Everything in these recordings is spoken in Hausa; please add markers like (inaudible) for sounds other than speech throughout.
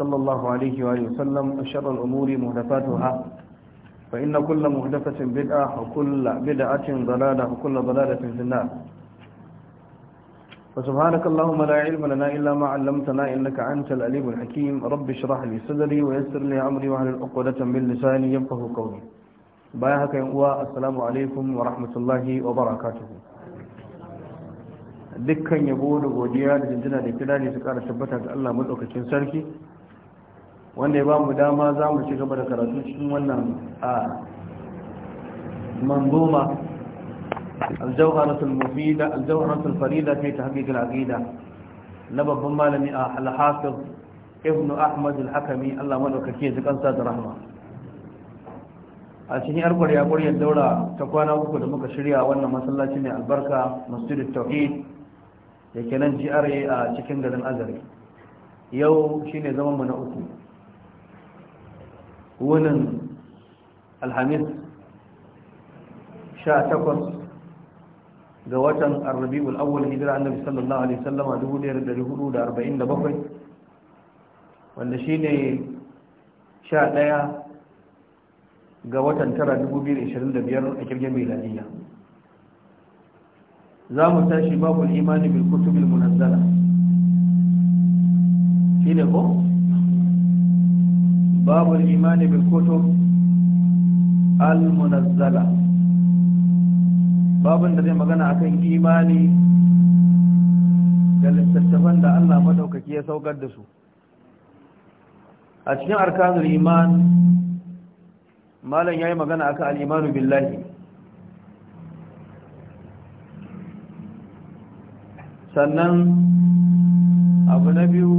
صلى الله عليه وآله وسلم أشر الأمور مهدفاتها فإن كل مهدفة بدعة وكل بدعة ضلالة وكل ضلالة في النار فسبحانك اللهم لا علم لنا إلا ما علمتنا إنك أنت الأليم الحكيم رب اشرح لي صدري ويسر لي أمري وعلى العقدة من لساني ينفه قولي بايهك يا السلام عليكم ورحمة الله وبركاته dukkan yabo da godiya da jinjina da kirari su kara tabbata Allah madaukakin sarki wanda ya ba mu dama za mu ci gaba da karatu cikin wannan a manzoma aljawharatul mufida aljawharatul farida fi tahqiq al-aqida na babban malami a al-hafiz ibn ahmad al-hakami Allah madaukake ya kansa da rahma a cikin arkwar ya ƙuryar daura ta kwana uku da muka shirya wannan masallaci mai albarka Masjid tauhid da ke nan GRA a cikin garin azare yau shine zaman mu na uku wunin alhamis takwas ga watan arrabi'ul awwal hijira annabi sallallahu alaihi wasallama 1447 wanda shine 11 ga watan tara 2025 a kirgin miladiya za mu tashi babu imani bil kutubil munazzala shine ko باب الإيمان بالكتب المنزلة باب الذي مغنى أكين إيماني قال استشفان دا الله مدوك كي يسو قدسو أشياء أركان الإيمان ما لن يأي مغنى أكا الإيمان بالله sannan abu na biyu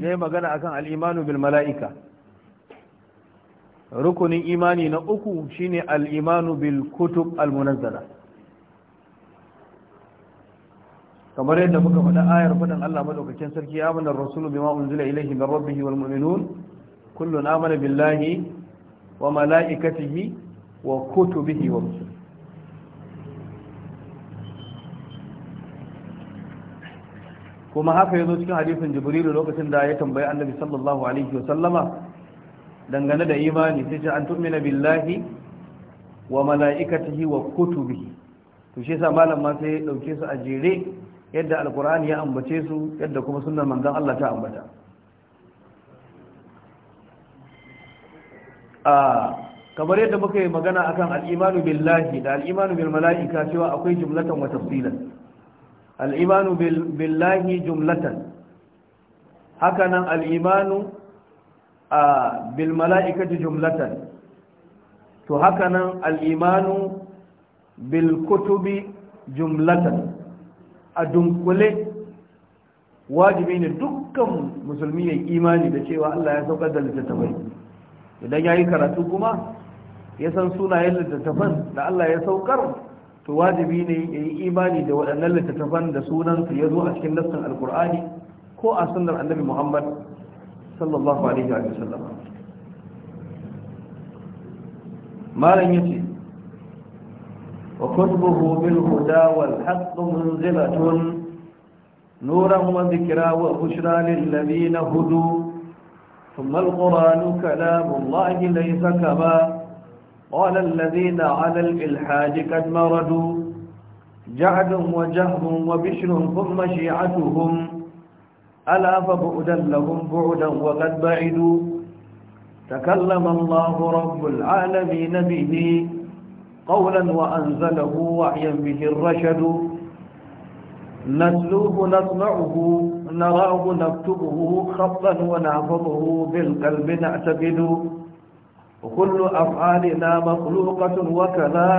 ya yi magana akan al'imanu bil mala'ika rukunin imani na uku shine al-imanu bil kutub al-munazzala kamar yadda muka faɗa ayar faɗin Allah madaukakin sarki amanar rasulu bima unzila ilayhi min rabbihi wal mu'minun kullun amana billahi wa malaikatihi wa kutubihi wa rusulihi kuma haka yazo cikin hadisin jibrilu lokacin da ya tambayi annabi sallallahu alaihi wa sallama dangane da imani sai ce an tu'mina billahi wa mala'ikatihi wa kutubihi to shi yasa malam ma sai dauke su a jere yadda alqur'ani ya ambace su yadda kuma sunnar manzon Allah ta ambata a kamar yadda muka yi magana akan al-imanu billahi da al-imanu bil mala'ika cewa akwai jumlatan wa tafsilan al-imanu billahi jumlatan hakanan al-imanu a bil jumlatar, jumlatan to haka nan al'imanu bilkutubi jumlatar jumlatan a dunkule wajibi ne dukkan musulmi ya imani da cewa Allah ya saukar da littattafai idan ya yi karatu kuma ya san sunayen littattafan da Allah ya saukar to wajibi ne ya yi imani da waɗannan littattafan da sunansu ya zo a cikin lassan alkur'ani ko a sunnar annabi muhammad صلى الله عليه وسلم ما لن يتي وكتبه بالهدى والحق منزلة نورا وذكرى وبشرى للذين هدوا ثم القرآن كلام الله ليس كما قال الذين على الإلحاد قد مردوا جعد وجهم وبشر ثم شيعتهم ألا فبعدا لهم بعدا وقد بعدوا تكلم الله رب العالمين به قولا وأنزله وعيا به الرشد نسلوه نسمعه نراه نكتبه خطا ونعفظه بالقلب نعتقد وكل أفعالنا مخلوقة وكذا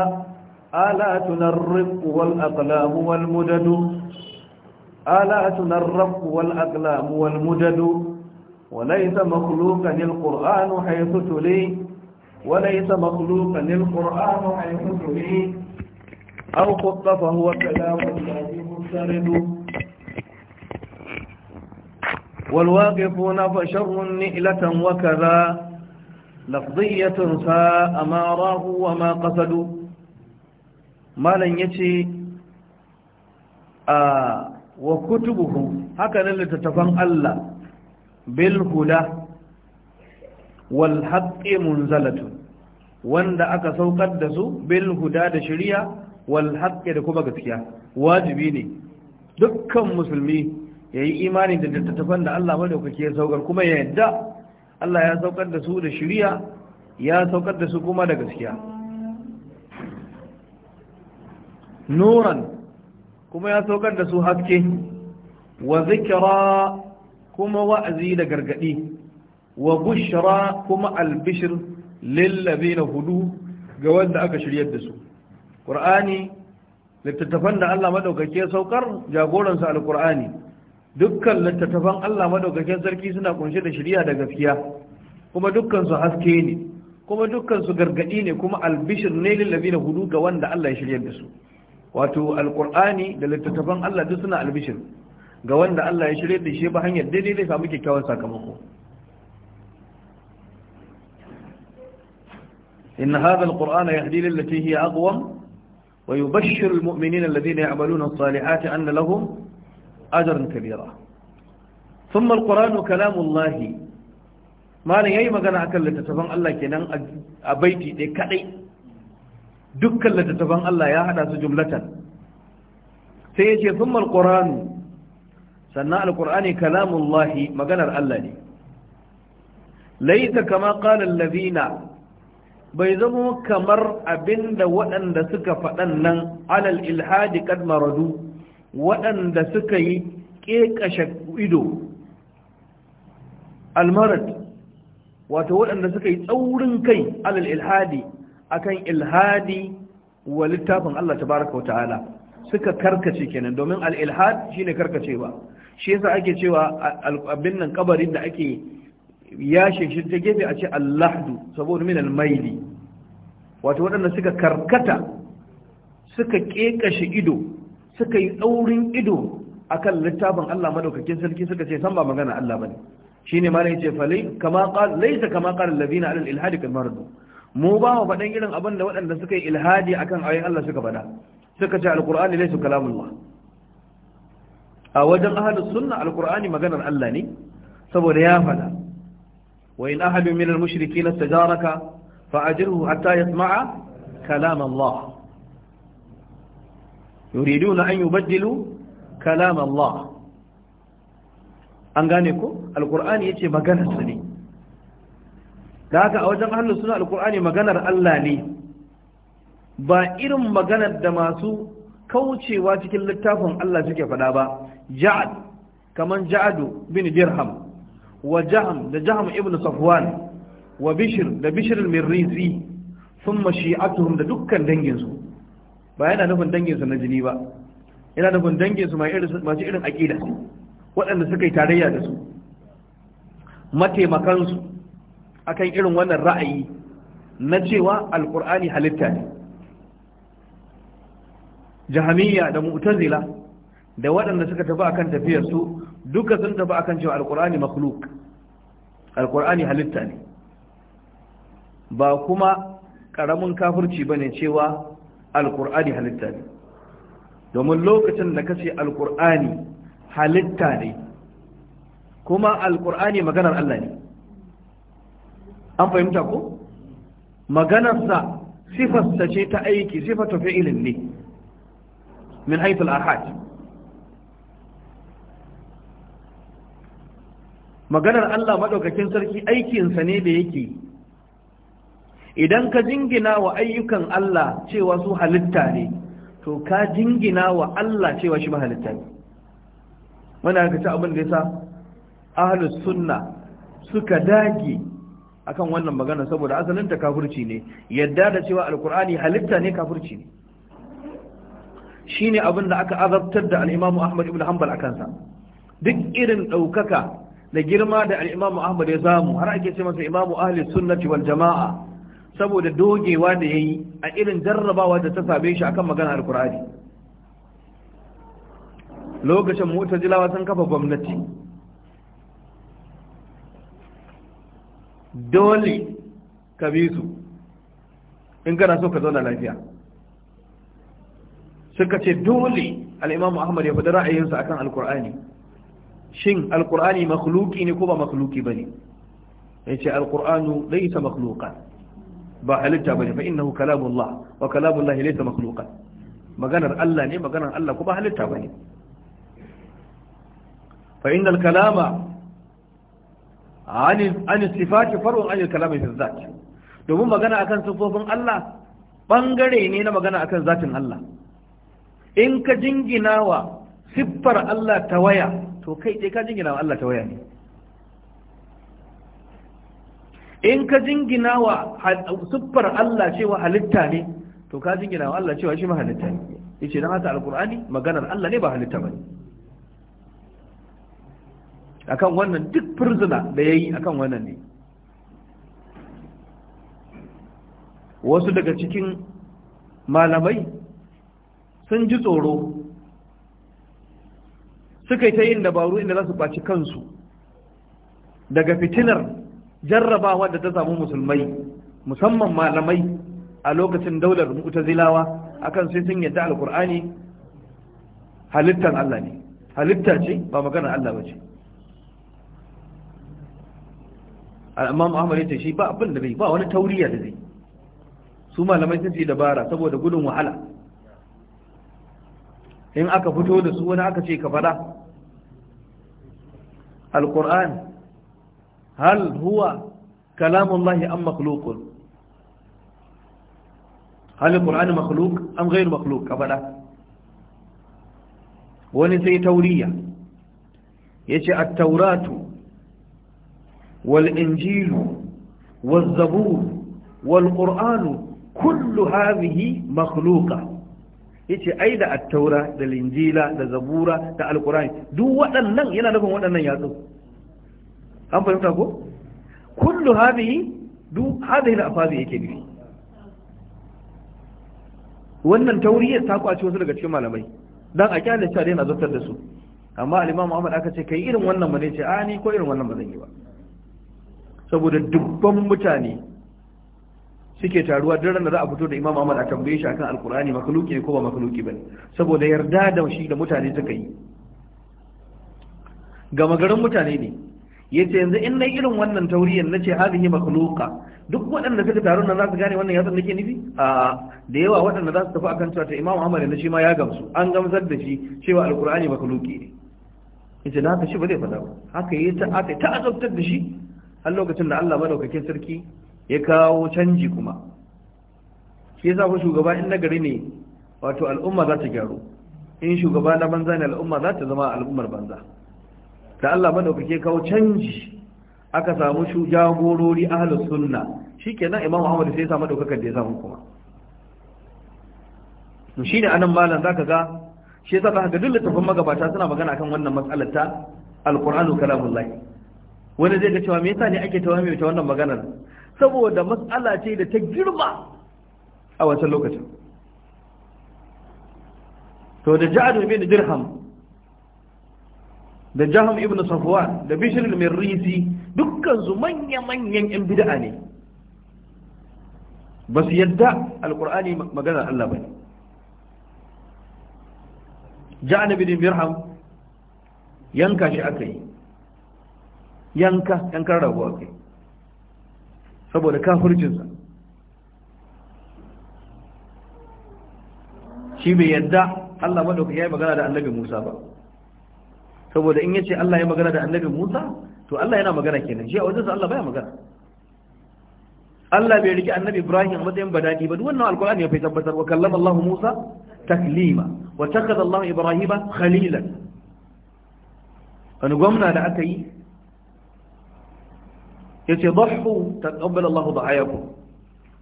آلاتنا الرق والأقلام والمدد آلاتنا الرق والأقلام والمدد وليس مخلوقا القرآن حيث تلي وليس مخلوقا القرآن حيث تلي أو خط فهو كلام الله مسترد والواقفون فشر نئلة وكذا لفظية ساء ما راه وما قصدوا ما لن يتي آه wa kutubuhu haka nan littattafan Allah bil huda wal haqqi munzalatu wanda aka saukar da su bil huda da shari'a wal haqqi da kuma gaskiya wajibi ne dukkan musulmi yayi imani da littattafan da Allah madaukake ya saukar kuma ya yadda Allah ya saukar da su da shari'a ya saukar da su kuma da gaskiya nuran kuma ya saukar da su haske wa zikira kuma wa'azi da gargadi wa bushra kuma albishir lillazina hudu ga wanda aka shiryar da su qur'ani littattafan da Allah madaukake saukar jagoran sa alqur'ani dukkan littattafan Allah madaukakin sarki suna kunshe da shiriya da gaskiya kuma dukkan su haske ne kuma dukkan su gargadi ne kuma albishir ne lillazina hudu ga wanda Allah ya shiryar da su wato Alƙur'ani da littattafan Allah duk suna albishir ga wanda Allah ya shirye da shi ba hanyar daidai zai samu kyakkyawan sakamako inna hadha alqur'ana yahdi lil lati hiya aqwam wa yubashshiru almu'minina alladhina ya'maluna as-salihati anna lahum ajran kabira thumma alqur'anu kalamullah ma la yayi magana akan littattafan Allah kenan a baiti dai kadai dukkan littattafan Allah ya hada su jumlatan sai ya ce sun malƙuranu sannan alƙur'ani kalamun lahi maganar Allah ne laita kama ƙalar labina bai zama kamar abinda waɗanda suka faɗan nan alal ilhadi kad maradu waɗanda suka yi ƙeƙashe ido almarad wato waɗanda suka yi tsaurin kai alal ilhadi akan ilhadi wa littafin Allah baraka wa ta'ala suka karkace kenan domin al-ilhad shine karkacewa shi yasa ake cewa abin nan kabarin da ake ya shi ta gefe a ce allahdu saboda min al-maili wato waɗanda suka karkata suka kekashe ido suka yi ɗaurin ido akan littafin Allah madaukakin sarki suka ce san ba magana Allah bane shine malai ce falai kama qala laysa kama qala alladhina al-ilhad kal mardu mu ba mu faɗan irin abin da waɗanda suka yi ilhadi akan ayoyin Allah suka faɗa suka ce alqur'ani laysa kalamullah a wajen ahlus sunna alqur'ani maganar Allah ne saboda ya faɗa wa in ahadu min al-mushrikeen istajaraka fa'ajirhu hatta yasma'a kalam Allah yuriduna an yubaddilu kalam Allah an gane ko alqur'ani yace maganar sa ne da haka a wajen ahlus suna alqur'ani maganar Allah ne ba irin maganar da masu kaucewa cikin littafin Allah suke faɗa ba ja'ad kaman ja'adu bin dirham wa jaham da jaham ibn safwan wa bishir da bishir al-mirrisi thumma shi'atuhum da dukkan danginsu ba yana nufin danginsu na jini ba yana nufin danginsu masu irin aƙida waɗanda suka yi tarayya da su mataimakansu akan irin wannan ra'ayi na cewa alkur'ani halitta ne jahamiya da mu'tazila da waɗanda suka tafi akan tafiyar su duka sun tafi akan cewa alkur'ani makhluk alkur'ani halitta ne ba kuma ƙaramin kafirci ne cewa alkur'ani halitta ne domin lokacin da kace alkur'ani halitta ne kuma alkur'ani maganar Allah ne an fahimta ko maganarsa sifarsa ce ta aiki sifatu fi'ilin ne min haithul ahad maganar Allah maɗaukakin sarki aikinsa ne da yake idan ka jingina wa ayyukan Allah cewa su halitta ne to ka jingina wa Allah cewa shi mahalitta ne wanda ka ci abin da yasa ahlus sunna suka dage akan wannan magana saboda asalin ta kafirci ne yadda da cewa alkur'ani halitta ne kafirci ne shine abin da aka azabtar da al-Imam Ahmad ibn Hanbal akan sa duk irin daukaka da girma da al-Imam Ahmad ya samu har ake ce masa Imam Ahli Sunnati wal Jama'a saboda dogewa da yayi a irin jarrabawa da ta same shi akan magana alkur'ani lokacin mutajilawa sun kafa gwamnati dole ka bi su in kana so ka zauna lafiya suka ce dole al Ahmad ya faɗi ra'ayinsa akan Al-Qur'ani shin Al-Qur'ani makhluqi ne ko ba makhluqi bane yace Al-Qur'anu laysa makhluqan ba halitta bane fa innahu kalamullah wa kalamullah laysa makhluqan maganar Allah ne maganar Allah ko ba halitta bane fa innal kalama an sifati farun an kalami fi zat domin magana akan sifofin Allah bangare ne na magana akan zatin Allah in ka jingina wa siffar Allah ta waya to kai dai ka jingina wa Allah ta waya ne in ka jingina wa siffar Allah cewa halitta ne to ka jingina wa Allah cewa shi ma halitta ne yace dan haka alqur'ani maganar Allah ne ba halitta bane akan wannan duk furzuna da ya yi akan wannan ne wasu daga cikin malamai sun ji tsoro suka yi ta yin dabaru inda za su ɓaci kansu daga fitinar jarrabawa da ta samu musulmai musamman malamai a lokacin daular zilawa akan sai sun yadda alkur'ani halittar Allah ne halitta ce ba maganar Allah ba ce al'amam ahmad yace shi ba abin da bai ba wani tauriya da zai su malamai sun ce dabara saboda gudun wahala in aka fito da su wani aka ce ka fada alquran hal huwa kalamullahi am makhluqun hal alquran makhluq am ghayr makhluq ka fada wani sai tauriya yace at-tauratu والإنجيل والزبور والقرآن كل هذه مخلوقة yace ai da attaura da linjila da zabura da alkurani duk waɗannan yana nufin waɗannan yatsu an fahimta ko kullu hadhihi du hadhihi da afazi yake nufi wannan tauriyar ta kwaci wasu daga cikin malamai dan a kyale cewa dai na zartar da su amma al-imam Ahmad aka ce kai irin wannan ba ne ce a ni ko irin wannan ba zan yi ba saboda dubban mutane suke taruwa duk ranar za a fito da Imam Ahmad a tambaye shi akan Alkur'ani makaluki ne ko ba makaluki bane saboda yarda da shi da mutane suka yi gama garin mutane ne yace yanzu in nayi irin wannan tauriyan nace hadhihi makhluqa duk waɗanda suka taru nan za su gane wannan yatsan nake nufi a da yawa waɗanda za su tafi akan cewa ta Imam Ahmad ne shi ma ya gamsu an gamsar da shi cewa Alkur'ani makhluki ne yace da haka shi ba zai faɗa ba haka yayi ta ta azabtar da shi har lokacin da Allah madaukakin sarki ya kawo canji kuma shi yasa ku shugaba in nagari ne wato al'umma za ta gyaru in shugaba na banza ne al'umma za ta zama al'ummar banza da Allah madaukake ya kawo canji aka samu shu jagorori ahlus sunna shikenan imamu Ahmad sai ya samu daukakar da ya samu kuma to shine anan malam zaka ga shi yasa ka ga dukkan tafin magabata suna magana akan wannan mas'alar ta alqur'anu kalamullahi wani zai ga cewa me yasa ne ake tawami ta wannan maganar saboda matsala ce da ta girma a wancan lokacin to da ja'ad ibn dirham da jaham ibn safwan da bishr al-mirrisi dukkan su manya-manyan yan bid'a ne ba su yadda alkur'ani maganar Allah ba ne bin birham yanka shi aka yi yanka yankan rago a kai saboda kafircinsa shi bai yadda Allah maɗauki ya yi magana da annabi Musa ba saboda in yace Allah ya magana da annabi Musa to Allah yana magana kenan shi a wajensa Allah baya magana Allah bai riki annabi Ibrahim a matsayin badaki ba duk wannan alkur'ani ya fi tabbatar wa kallama Allah Musa taklima wa takaza Allah Ibrahim khalilan wani gwamna da aka yi yace dhahu ko Allah dhahayakum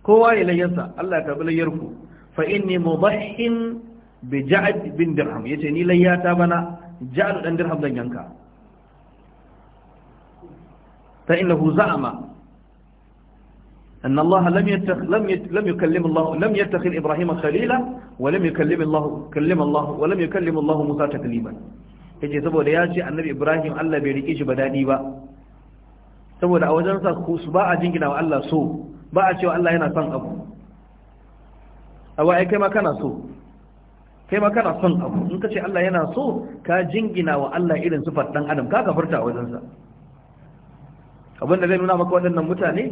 kowa ya layyarsa Allah ya karbi layyarku fa inni mudahhin bi ja'd bin dirham yace ni layyata bana ja'd dan dirham yanka fa innahu za'ama أن الله لم يتخ لم يت لم يكلم الله لم يتخذ إبراهيم خليلا ولم يكلم الله كلم الله ولم يكلم الله موسى تكليما يجي saboda ya ce annabi Ibrahim Allah bai rike shi ba saboda a wajen sa su ba a jingina wa Allah so ba a cewa Allah yana son abu awa ai kai ma kana so kai ma kana son abu in ka ce Allah yana so ka jingina wa Allah irin sifar dan adam ka kafurta a wajen sa abin da zai nuna maka waɗannan mutane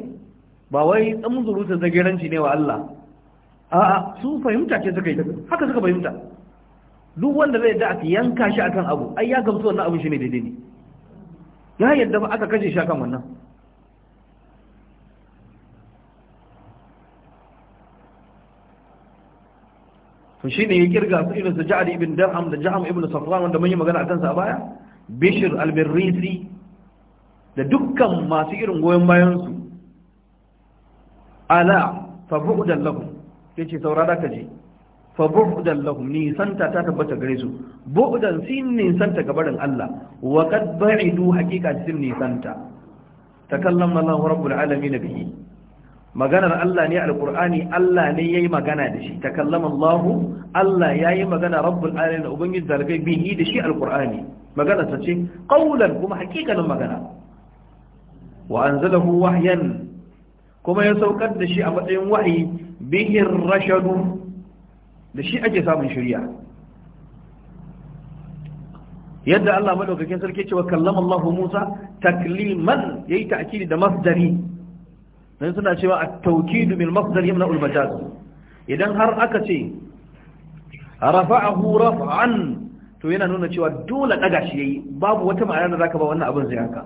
ba wai tsamzurutun zagiranci ne wa Allah a'a su fahimta ce suka yi haka suka fahimta duk wanda zai da aka yanka shi akan abu ai ya gamsu wannan abin shi ne daidai ne ya yadda ba aka kashe shi wannan to shi ne ya kirga su irin su ja'ad ibn dar'am da ja'am ibn safran wanda mun yi magana a kansa a baya bishir al-birrisi da dukkan masu irin goyon bayansu su ala fa bu'dan lahum yace saurara ka je fa bu'dan lahum nisanta ta tabbata gare su bu'dan sin nisanta ga barin Allah wa qad ba'idu haqiqa sin nisanta takallama Allah rabbul alamin bihi maganar Allah ne alqur'ani Allah ne yayi magana da shi takallama Allah Allah yayi magana rabbul alamin ubangiji zalkai bihi da shi alqur'ani magana ta ce qawlan kuma haqiqanin magana wa anzalahu wahyan kuma ya saukar da shi a matsayin wahayi bihin rashadu da shi ake samun shirya yadda Allah madaukakin sarki cewa kallama Allah Musa takliman yayi ta'kidi da masdari dan suna cewa at-tawkidu bil masdar yamna al-majaz idan har aka ce rafa'ahu raf'an to yana nuna cewa dole daga shi yayi babu wata ma'ana da zaka ba wannan abin zai haka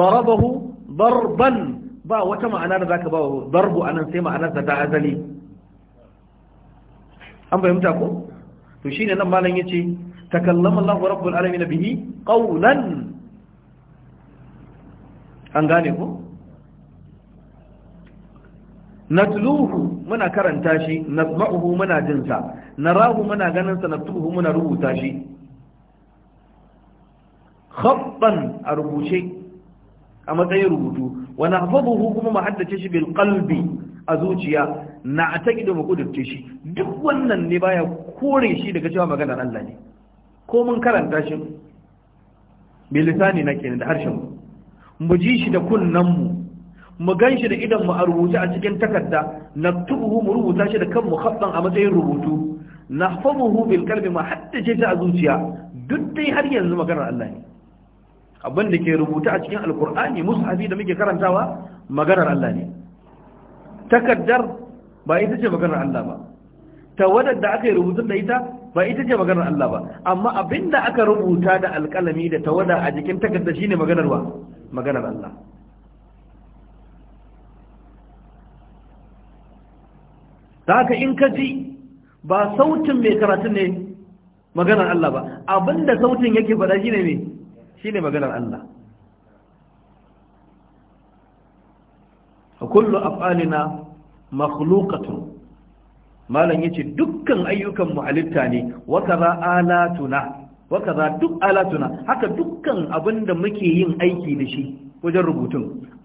darabahu darban ba wata ma'ana da zaka ba darbu anan sai ma'anar da ta azali an fahimta ko to shine nan malam yace takallama Allahu rabbul alamin bihi qawlan an gane ko natluhu muna karanta shi nasma'uhu muna jin sa narahu muna ganin sa naktubuhu muna rubuta shi khabban a rubuce a matsayin rubutu wa nahfazuhu kuma mu haddace shi bil qalbi a zuciya na a da mu kudurce shi duk wannan ne baya kore shi daga cewa maganar Allah ne ko mun karanta shi bi lisani na kenan da harshen mu ji shi da kunnan mu mu gan shi da idan mu a rubuce a cikin takarda na tubuhu mu rubuta shi da kan mu khaffan a matsayin rubutu na famuhu bil kalbi ma haddace ta a zuciya duk dai har yanzu maganar Allah ne abin da ke rubuta a cikin alkur'ani mushafi da muke karantawa maganar Allah ne takaddar ba ita ce maganar Allah ba tawadar da aka yi rubutun da ita ba ita ce maganar Allah ba amma abinda aka rubuta da alkalami da tawada a jikin takarda shine maganar wa maganar Allah da haka in ka ji ba sautin mai karatu ne maganar Allah ba abinda sautin yake faɗa shine ne shine maganar Allah kullu af'alina makhluqatun malam yace dukkan ayyukan mu halitta ne wa kaza alatuna wa kaza duk alatuna haka dukkan abinda muke yin aiki da shi wajen rubutun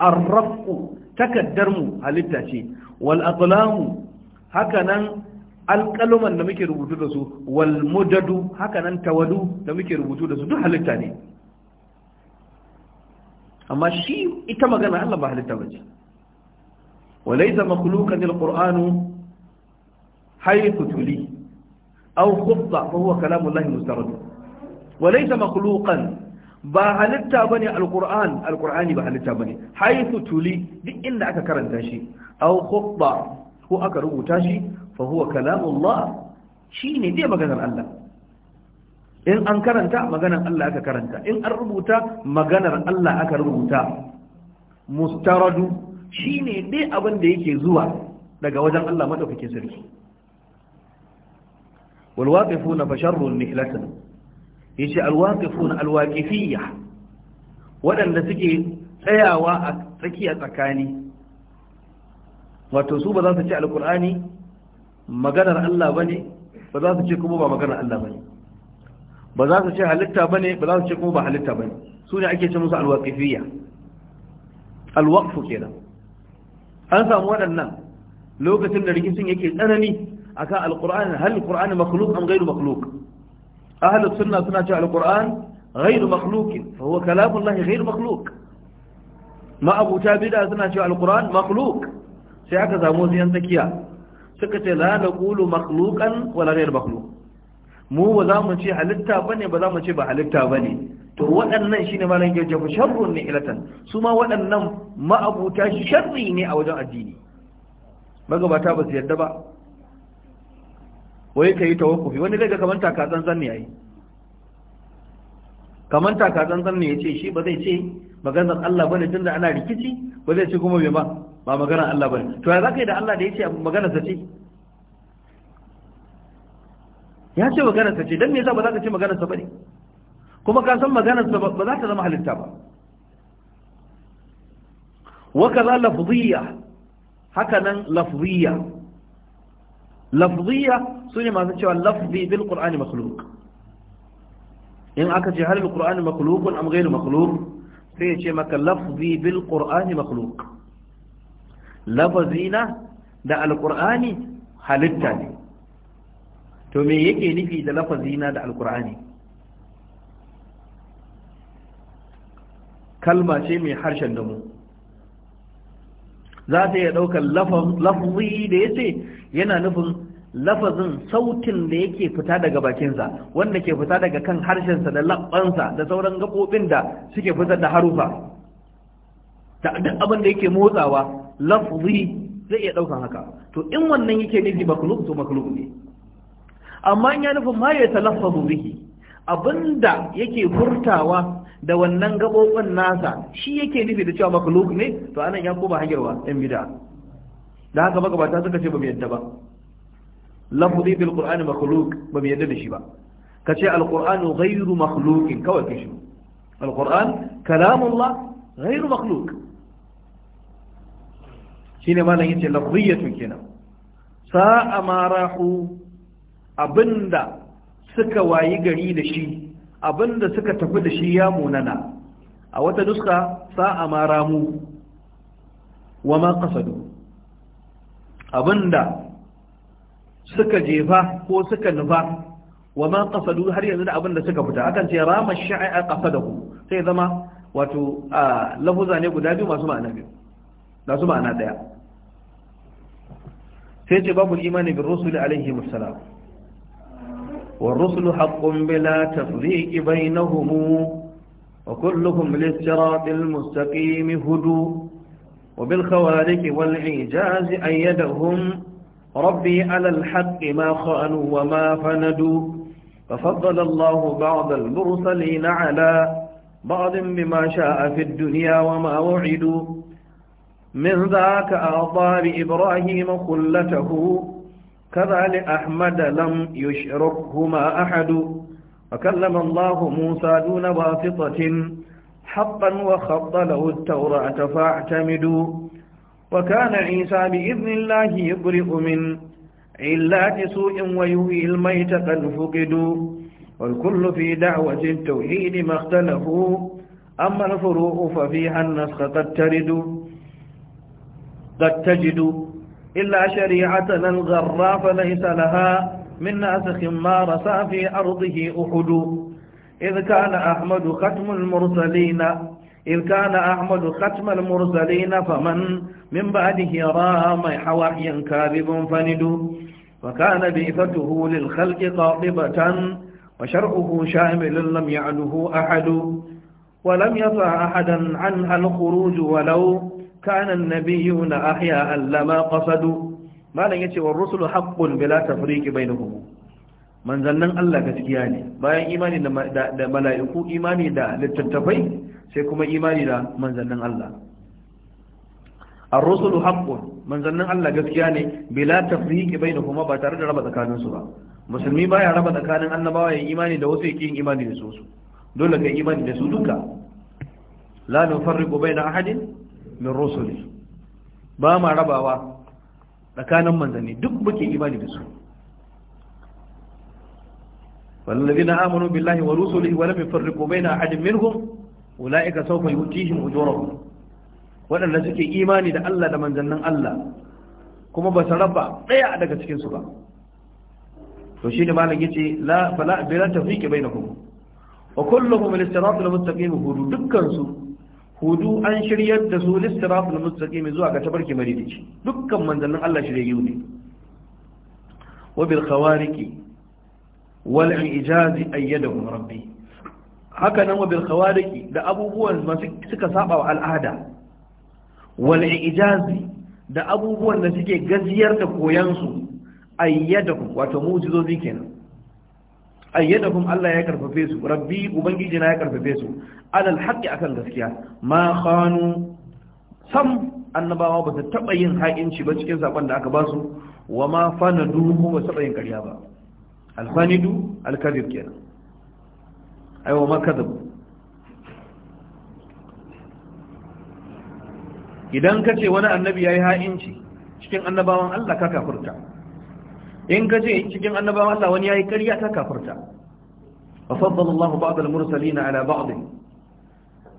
arrafu takaddar mu halitta ce wal aqlamu haka nan alƙaluman da muke rubutu da su wal mudadu haka nan tawadu da muke rubutu da su duk halitta ne amma shi ita magana Allah ba halitta bace وليس مخلوقا القرآن حيث تلي أو خطة فهو كلام الله مسترد وليس مخلوقا بحلتا بني القرآن القرآن بحلتا بني حيث تلي بإن أكرن تاشي أو خطة هو أكره تاشي فهو كلام الله شيني دي مغانا الله in an karanta maganar Allah aka karanta in an rubuta maganar Allah aka rubuta mustaradu Shi ne dai abin da yake zuwa daga wajen Allah madaukakin sarki walwaƙifu na fa sharrun ya ce al waqifuna na waqifiyya waɗanda suke tsayawa a tsakiya tsakani wato su ba za su ci alqur'ani maganar Allah ba ne? ba za su ce kuma ba maganar Allah ba ne. ba za su ce halitta ba ne. ba za su ce kuma ba halitta ba ne. su ne ake ce musu al alwaƙifu ke nan. kenan an samu waɗannan lokacin da rikicin yake tsanani akan alqur'ani hal alqur'ani makhluq am ghairu makhluq ahlus sunna suna ce Alƙur'an ghairu makhluq fa huwa lahi ghairu makhluq ma abuta bid'a suna ce Alƙur'an makhluq sai aka samu ziyan tsakiya suka ce la naqulu makhluqan wala ghairu makhluq mu ba za mu ce halitta bane ba za mu ce ba halitta bane to waɗannan shi ne malam ya jafu sharrun ne ilatan su ma waɗannan ma'abuta sharri ne a wajen addini magabata ba su yadda ba wai ka ta tawakkufi wani daga kamar taka tsantsan ne yayi kamar taka tsantsan ne ya ce shi ba zai ce maganar Allah bane da ana rikici ba zai ce kuma bai ba ba maganar Allah ba ne. to ya zaka yi da Allah da ya ce maganar sa ce ya ce maganarsa ce don me yasa ba za ka ce maganarsa ba ne kuma ka san maganarsa ba za ta zama halitta ba waka za lafziya haka nan lafziya lafziya su ne masu cewa lafzi bil qur'ani makhluq in aka ce halin qur'ani makhluqun am ghayru makhluq sai ya ce maka lafzi bil qur'ani makhluq lafazina da alqur'ani halitta ne to me yake nufi da lafazi na da alkur'ani kalma ce mai harshen damu za ta iya ɗaukar lafazi da ya ce yana nufin lafazin sautin da yake fita daga bakinsa wanda ke fita daga kan harshensa da labbansa da sauran gaɓoɓin da suke fitar da harufa da duk abin da yake motsawa lafazi zai iya ɗaukan haka to in wannan yake nufi makuluk to makuluk ne amma ya nufin ma ya talaffazu bihi abinda yake furtawa da wannan gabobin nasa shi yake nufi da cewa makhluk ne to anan ya koma hanyarwa yan bid'a da haka magabata suka ce ba mu yadda ba lafzi bil qur'ani makhluk ba mu yadda da shi ba kace al qur'anu ghayru makhluk kawai kashi al qur'an kalamullah ghayru makhluk shine malam yace lafziyatun kenan sa'a ma rahu abinda suka wayi gari da shi abinda suka tafi da shi ya munana a wata nuska sa'a ma ramu wa ma kasadu abinda suka jefa ko suka nufa wa ma kasadu har yanzu da abinda suka fita akan ce rama sha'a ku. sai zama wato a lafuza ne guda biyu masu ma'ana biyu masu ma'ana daya sai ce babu imani bin rasuli alaihi wasallam والرسل حق بلا تفريق بينهم وكلهم للصراط المستقيم هدوا وبالخوارق والعجاز أيدهم ربي على الحق ما خانوا وما فندوا ففضل الله بعض المرسلين على بعض بما شاء في الدنيا وما وعدوا من ذاك أعطى لإبراهيم خلته كذا لأحمد لم يشركهما أحد وكلم الله موسى دون واسطة حقا وخط له التوراة فاعتمدوا وكان عيسى بإذن الله يبرئ من علات سوء ويهي الميت قد فقدوا والكل في دعوة التوحيد ما اختلفوا أما الفروع ففيها النسخ قد ترد قد تجد إلا شريعتنا الغراء فليس لها من ناسخ ما رسى في أرضه أحد إذ كان أحمد ختم المرسلين إذ كان أحمد ختم المرسلين فمن من بعده رام حوحيا كاذب فند وكان بئفته للخلق قاطبة وشرعه شامل لم يعنه أحد ولم يطع أحدا عنها الخروج ولو kana annabiyuna ahya allama qasadu malam yace war rusulu haqqun bila tafriqi bainahum manzannan Allah gaskiya ne bayan imani da mala'iku imani da littattafai sai kuma imani da manzannin Allah ar-rusulu haqqun manzannin Allah gaskiya ne bila tafriqi bainahuma ba tare da raba tsakanin su ba musulmi baya raba tsakanin annabawa ya imani da wasu yakin imani da su dole ka imani da su duka la nufarriqu baina ahadin min rusuli ba ma rabawa tsakanin manzanni duk muke imani da su wallazi na amanu billahi wa rusuli wa lam yufarriqu baina ahadin minhum ulaika sawfa yutihim ujurahum wadanda suke imani da Allah da manzannin Allah kuma ba su raba daya daga cikin su ba to shi shine malam yace la fala bi la tafiqi bainakum wa kulluhum lis-sirati lil-mustaqim hudu dukkan su hudu an shiryar da su Sarki mai zuwa ga tabarki madidici dukkan manzannin Allah yi ne wa bil khawariqi wal ijazi ayyadahu rabbi haka nan wa bil khawariqi da abubuwan masu suka saba wa al'ada wal ijazi da abubuwan da suke gaziyar da koyansu ayyadahu wato mu'jizozi kenan ayyadahum Allah ya karfafe su rabbi ubangiji na ya karfafe su alal haqqi akan gaskiya ma khanu sam annabawa ba su taba yin ha'inci ba cikin zaben da aka ba su wa ma fanadu ko ba su taba yin ƙarya ba alfanidu alkazib kenan aiwa ma kazab idan ka ce wani annabi yayi ha'inci cikin annabawan Allah ka kafirta in ka ce cikin annabawan Allah wani yayi karya ta kafirta fa faddala Allah ba'd al-mursalin ala ba'd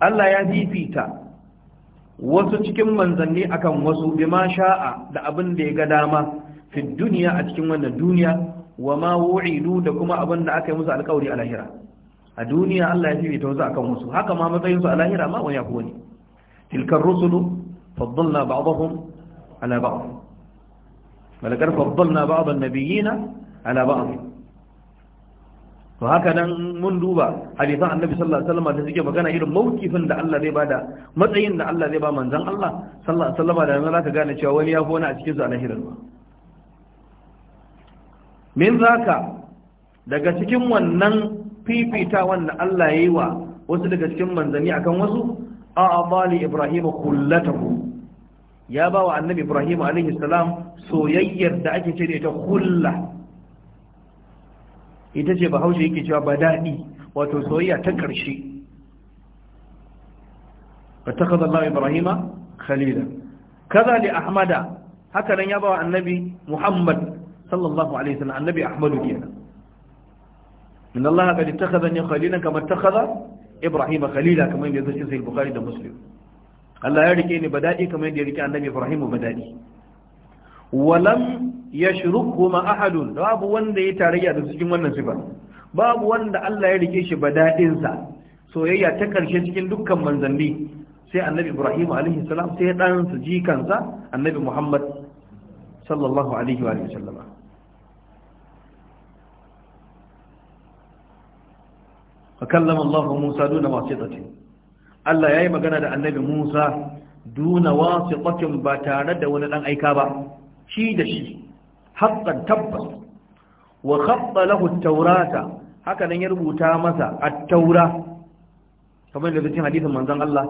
Allah ya fifita wasu cikin manzanni akan wasu bima sha'a da abin da ya ga dama fi duniya a cikin wannan duniya wa ma wu'idu da kuma abin da aka yi musu alƙawari a lahira a duniya Allah ya fifita wasu akan wasu haka ma matsayin su a lahira ma wani yafi wani tilkar rusulu faddalna ba'dahum ala ba'd malakar faddalna ba'dhan nabiyina ala ba'd to haka nan mun duba hadisan annabi sallallahu alaihi wasallam da suke magana irin mawkifin da Allah zai bada matsayin da Allah zai ba manzon Allah sallallahu alaihi wasallam da yanzu zaka gane cewa wani ya wani a cikin su alahirin ba min zaka daga cikin wannan fifita wanda Allah yayi wa wasu daga cikin manzanni akan wasu a abali ibrahim kullatahu ya ba wa annabi ibrahim alaihi soyayyar da ake ce da ita hulla ita ce bahaushe yake cewa ba daɗi wato soyayya ta ƙarshe ba ta kaza Allah ibrahim khalila kaza li ahmada haka nan ya ba wa annabi muhammad sallallahu alaihi wasallam annabi ahmadu kenan min Allah ne Khalila khalilan kama ittakhadha ibrahim khalila kamar yadda zai sai bukhari da muslim Allah ya rike ni badadi kamar yadda ya rike annabi Ibrahim badadi walam yashruku ma ahadun babu wanda ya tarayya da cikin wannan sifa babu wanda Allah ya rike shi badadin sa soyayya ta karshe cikin dukkan manzanni sai annabi Ibrahim alaihi salam sai dan su jikansa annabi Muhammad sallallahu alaihi wa sallama فكلم الله موسى دون واسطة Allah ya yi magana da annabi Musa duna wasiqatin ba tare da wani dan aika ba shi da shi haqqan tabbas wa khatta lahu taurata haka nan ya rubuta masa a taura kamar da cikin hadisin manzan Allah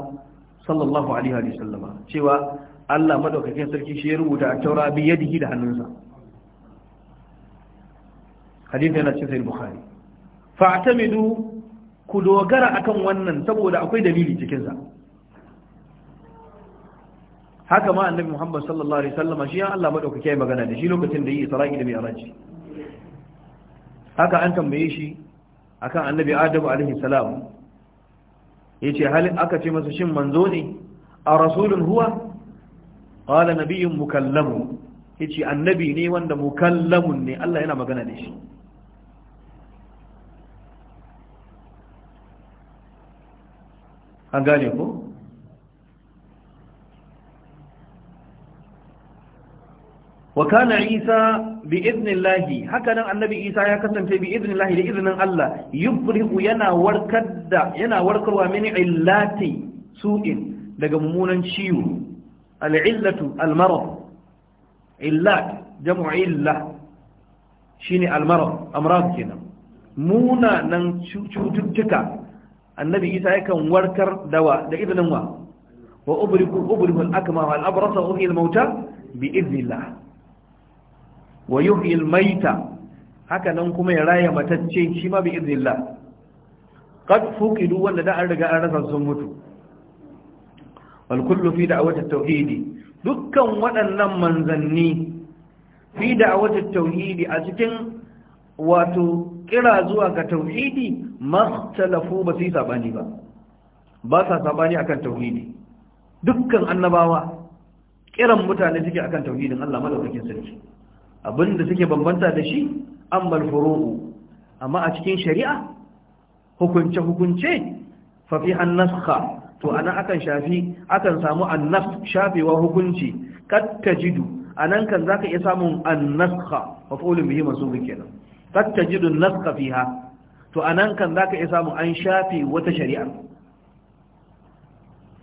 sallallahu alaihi wa sallam. cewa Allah maɗaukakin sarki shi ya rubuta a taura bi yadihi da hannunsa hadisin yana cikin sahih bukhari fa'tamidu ku dogara akan wannan saboda akwai dalili cikinsa haka ma annabi Muhammad sallallahu alaihi wasallam shi Allah madaukake magana da shi lokacin da yi Isra'i da Mi'raj haka an tambaye shi akan annabi Adam alaihi salam yace hali aka ce masa shin manzo ne a rasulun huwa qala nabiyyun mukallamu yace annabi ne wanda mukallamun ne Allah yana magana da shi an gane ku wa kana isa bi haka nan annabi isa ya kasance bi idnillahi da iznin Allah yubrihu yana warkar da yana warkarwa min illati su'in daga mummunan ciwo al'illatu al-marad illat jam'u illa shine al-marad amrad kenan nan cututtuka annabi isa yakan warkar dawa da izinin wa wa ubriku ubriku al-akma wal abrasa wa uhyi al-mauta bi idnillah wa yuhyi al-maita haka nan kuma ya raya matacce shi ma bi idnillah qad fuqidu wanda da an riga an rasa sun mutu wal kullu fi da'wati at-tauhid dukkan waɗannan manzanni fi da'wati at-tauhid a cikin wato kira zuwa ga tauhidi mastalafu ba su yi sabani ba ba sa sabani akan tauhidi dukkan annabawa kiran mutane suke akan tauhidin Allah madaukakin sarki abinda suke bambanta da shi Ambal furu'u amma a cikin shari'a hukunce hukunce fafi fi an to ana akan shafi akan samu an shafewa hukunci a anan kan zaka iya samun an-naskha maf'ulun bihi mansubun kenan qad tajidu nasqa fiha to nan kan zaka iya samu an shafe wata shari'a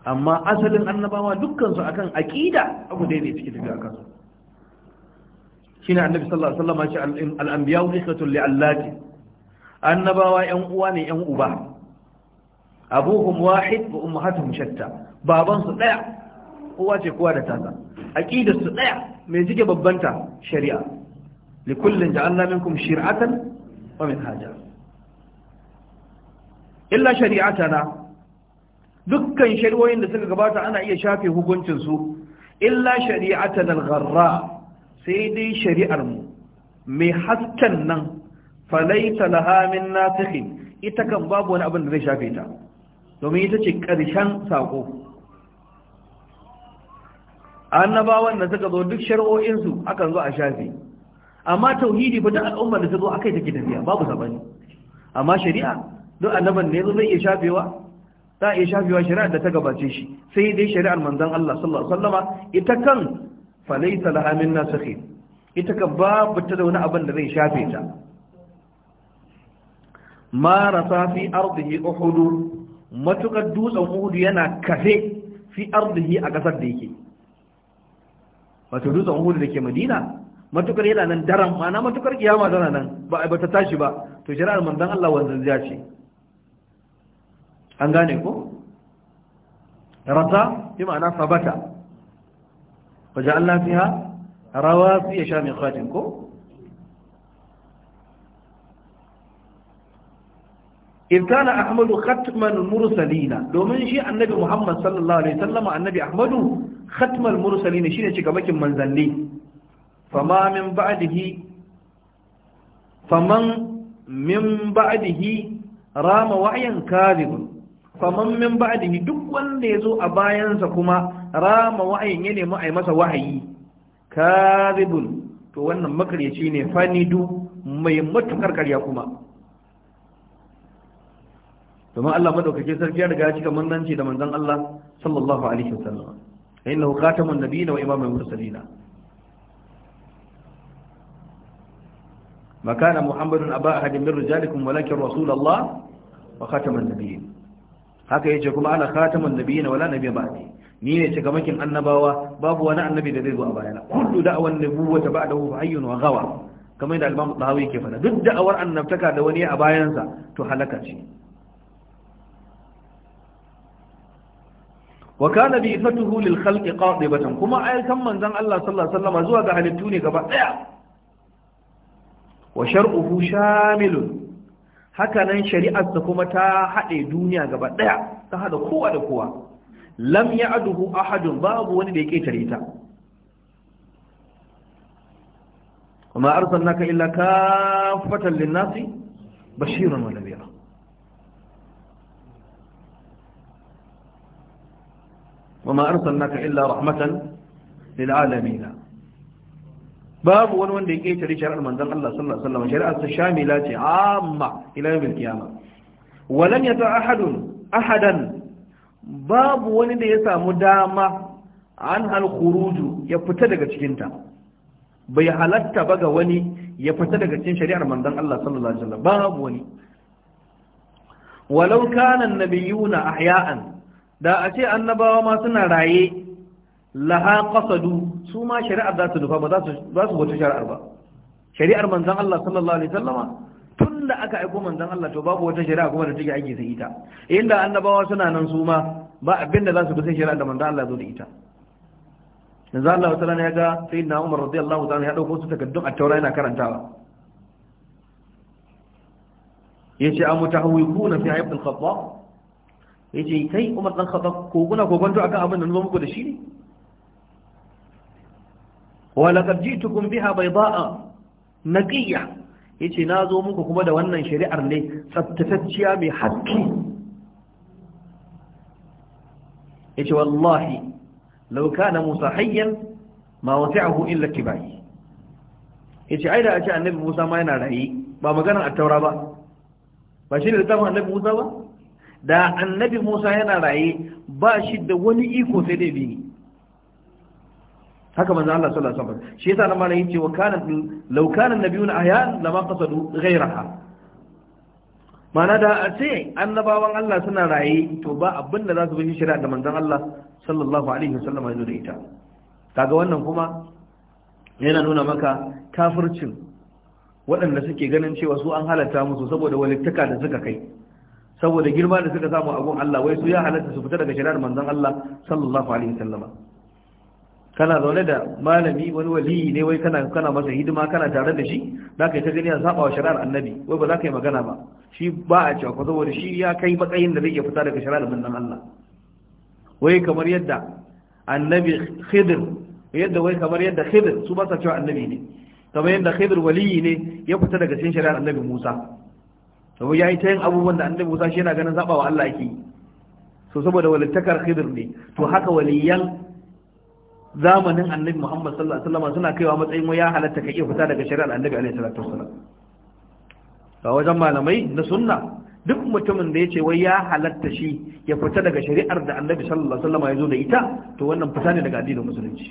amma asalin annabawa dukkansu akan aqida abu dai ne tafiya tafi shine annabi sallallahu alaihi wasallam ya ce al-anbiya ikhatul li'allati annabawa yan uwa ne yan uba abuhum wahid wa ummahatuhum shatta baban su daya kowa ce kowa da tasa aqidar su daya mai jike babbanta shari'a likullin ja'alna minkum shir'atan wa minhaja illa shari'atana dukkan shari'o'in da suka gabata ana iya shafe hukuncin su illa shari'atana al sai dai shari'ar mu mai hasken nan falaita laha min nasikhin ita kan babu wani abin da zai shafe ta domin ita ce ƙarshen sako annabawan da suka zo duk shari'o'insu akan zo a shafe amma tauhidi ba al'umma al'ummar da ta zo akai take tafiya babu sabani amma shari'a duk annaban ne zai iya shafewa za iya shafewa shari'a da ta gabace shi sai dai shari'ar manzon Allah sallallahu alaihi wasallama ita kan falaysa laha min nasakh ita kan babu ta da wani abin da zai shafe ta ma rasa fi ardihi uhud matukar dutsen uhud yana kafe fi ardihi a kasar da yake wato dutsen uhud da ke madina matukar yana nan daren ma'ana matukar kiyama tana nan ba a bata tashi ba to shari'ar manzan Allah wanzan ziya ce an gane ko rata yi ma'ana sabata su fiha sha shamiqatin ko in kana ahmadu khatman mursalina domin shi annabi muhammad sallallahu alaihi wasallama annabi ahmadu khatman mursalina shine shiga bakin manzanni fama min ba'dihi faman min ba'dihi duk wanda zo a bayansa kuma rama wa'yan ya nemi ai masa wahayi kadhibun to wannan makaryaci ne du mai matukar karya kuma domin Allah madaukake sarki ya riga cika manzanci da manzon sallallahu alaihi wasallam innahu khatamun wa imamul mursalina ما كان محمد أبا أحد من رجالكم ولكن رسول الله وخاتم النبيين haka yace kuma ana khatamun nabiyina wala nabiyya ba'di ni ne cikamakin annabawa babu wani annabi da zai zo a bayana kullu da'awan nubuwwata ba'dahu hayyun wa ghawa kamar da al-Imam Tahawi yake fada duk da'awar annabtaka da wani a bayansa to halaka ce wa kana bi ifatuhu lil khalqi qadibatan kuma ayatan manzon Allah sallallahu alaihi wasallam zuwa ga halittu ne gaba daya wa shar'uhu shamilun hakanan shari'arsa kuma ta haɗe duniya gaba ɗaya ta haɗa kowa da kowa lam ya'duhu ahadun babu wani da ya ketare ta kuma arsalnaka illa kafatan lin-nasi bashiran wa nadhira وما أرسلناك إلا رحمة للعالمين babu wani wanda ya ƙetare shari'ar manzon Allah sallallahu alaihi wasallam shari'ar ta shamila ce amma ila yawmil qiyama walam ta ahadun ahadan babu wani da ya samu dama an hal ya fita daga cikinta. bai halatta ba ga wani ya fita daga cikin shari'ar manzon Allah sallallahu alaihi wasallam babu wani walau kana annabiyuna ahya'an da a ce annabawa ma suna raye laha qasadu su ma shari'ar za su nufa ba za su wata shari'ar ba shari'ar manzan Allah sallallahu alaihi wasallama tun da aka aiko manzan Allah to babu wata shari'a kuma da take aiki sai ita inda annabawa suna nan su ma ba abin da za su bi shari'ar da manzan Allah zo da ita manzon Allah sallallahu alaihi ya ga sayyidina Umar radiyallahu ta'ala ya dauko su takaddun at-taura yana karantawa yace amutahawikuna fi ayyub al-khattab yace kai Umar dan Khattab ko kuna kokonto akan abin da nuna muku da shi ne wa laqad ji'tukum biha bayda'a naqiya yace na zo muku kuma da wannan shari'ar ne tsaftatacciya mai hakki yace wallahi law kana musa hayyan ma wasi'ahu illa tibai yace ai da a ce annabi musa ma yana rayi ba maganar attaura ba ba shi da littafin annabi musa ba da annabi musa yana raye ba shi da wani iko sai dai bini haka manzo Allah sallallahu alaihi wasallam shi yasa nan malai yace wa kana law kana nabiyuna ahyan lama qasadu ghayraha mana da a ce annabawan Allah suna raye to ba abin da za su bi shari'a da manzon Allah sallallahu alaihi wasallam ya da ita kaga wannan kuma yana nuna maka kafircin waɗanda suke ganin cewa su an halatta musu saboda walittaka da suka kai saboda girma da suka samu abun Allah wai su ya halatta su fita daga shari'ar manzon Allah sallallahu alaihi wasallam kana zaune da malami wani waliyi ne wai kana kana masa hidima kana tare da shi za ka yi ta gani a saba wa shari'ar annabi wai ba za ka yi magana ba shi ba a cewa ko saboda shi ya kai matsayin da zai iya fita daga shari'ar manzon Allah wai kamar yadda annabi khidir yadda wai kamar yadda khidir su ba sa cewa annabi ne kamar yadda khidir waliyi ne ya fita daga cikin shari'ar annabi Musa saboda ya yi ta yin abubuwan da annabi Musa shi yana ganin saba wa Allah yake so saboda walittakar khidir ne to haka waliyan zamanin annabi Muhammad sallallahu alaihi wasallam suna kaiwa matsayin ya halatta ka iya fita daga shari'ar annabi alaihi salatu wasallam ga wajen malamai na sunna duk mutumin da yace wai ya halatta shi ya fita daga shari'ar da annabi sallallahu alaihi wasallam ya zo da ita to wannan fita ne daga addinin musulunci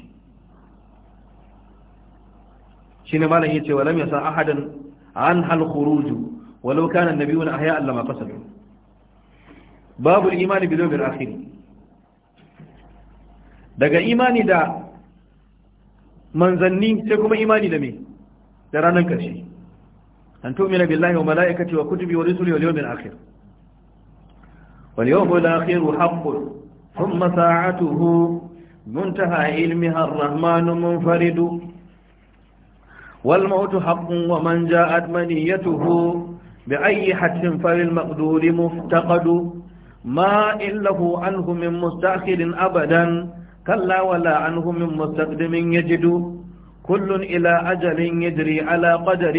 shine malam yace walam yasa ahadan an hal khuruj walau kana annabiyuna ahya'an lama qasadu babu al-iman bil yawmil akhir daga imani da manzanni sai kuma imani me da ranar ƙarshe an tumina billahi wa mala'ikati wa kutubi wa rusuli wal yawm al akhir wal yawm al akhir haqqun thumma sa'atuhu muntaha ilmiha ar-rahman munfarid wal mautu haqqun wa man ja'at maniyatuhu bi ayyi farin fa'il maqdur muftaqad ma illahu anhu min mustaqil abadan كلا ولا عنه من مستقدم يجد كل إلى أجل يجري على قدر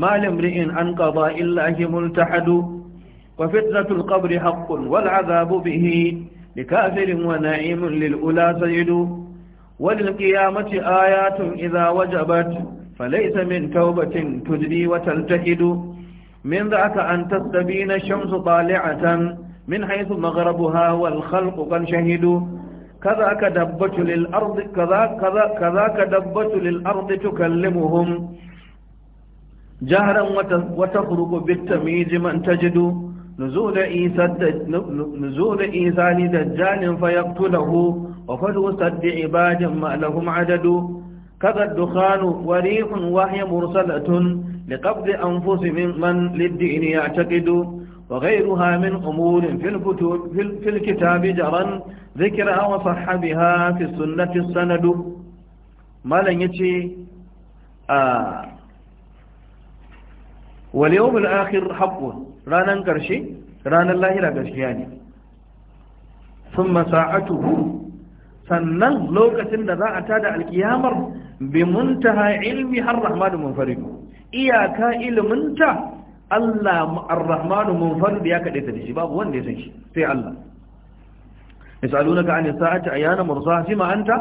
ما لامرئ عن قضاء الله ملتحد وفتنة القبر حق والعذاب به لكافر ونعيم للأولى سيد وللقيامة آيات إذا وجبت فليس من توبة تجري وتلتهد من ذاك أن تستبين الشمس طالعة من حيث مغربها والخلق قد شهدوا كذا كدبت للأرض كذا كذا كذا كدبت للأرض تكلمهم جهرا وتخرج بالتمييز من تجد نزول عيسى نزول عيسى لدجال فيقتله وفلو سد عباد ما لهم عدد كذا الدخان وريح وهي مرسلة لقبض أنفس من, من للدين يعتقد وغيرها من أمور في, في الكتاب جرا ذكرها وصح بها في السنة السند ما لن يتي آه واليوم الآخر حق رانا نكرشي رانا الله لا كرشياني ثم ساعته sannan lokacin da za a tada alkiyamar bi muntaha ilmi har rahmanu munfaridu iyaka ilminta Allah ar-rahmanu munfarid ya kaɗai ta shi babu wanda ya san shi sai Allah yasalunaka an sa'ati ayana mursaha fima anta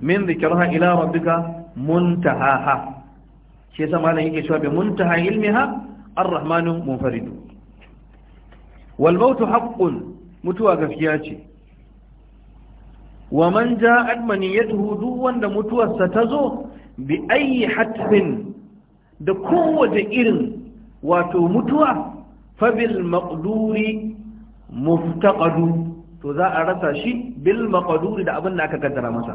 min dhikraha ila rabbika muntahaha shi yasa malam yake cewa bi muntaha ilmiha ar-rahmanu munfarid wal mautu haqqun mutuwa gaskiya ce wa man ja'at maniyatuhu duk wanda mutuwarsa ta zo bi ayi hatfin da kowace irin wato mutuwa fabil maqduri muftaqadu to za a rasa shi bil maqduri da abin da aka kaddara masa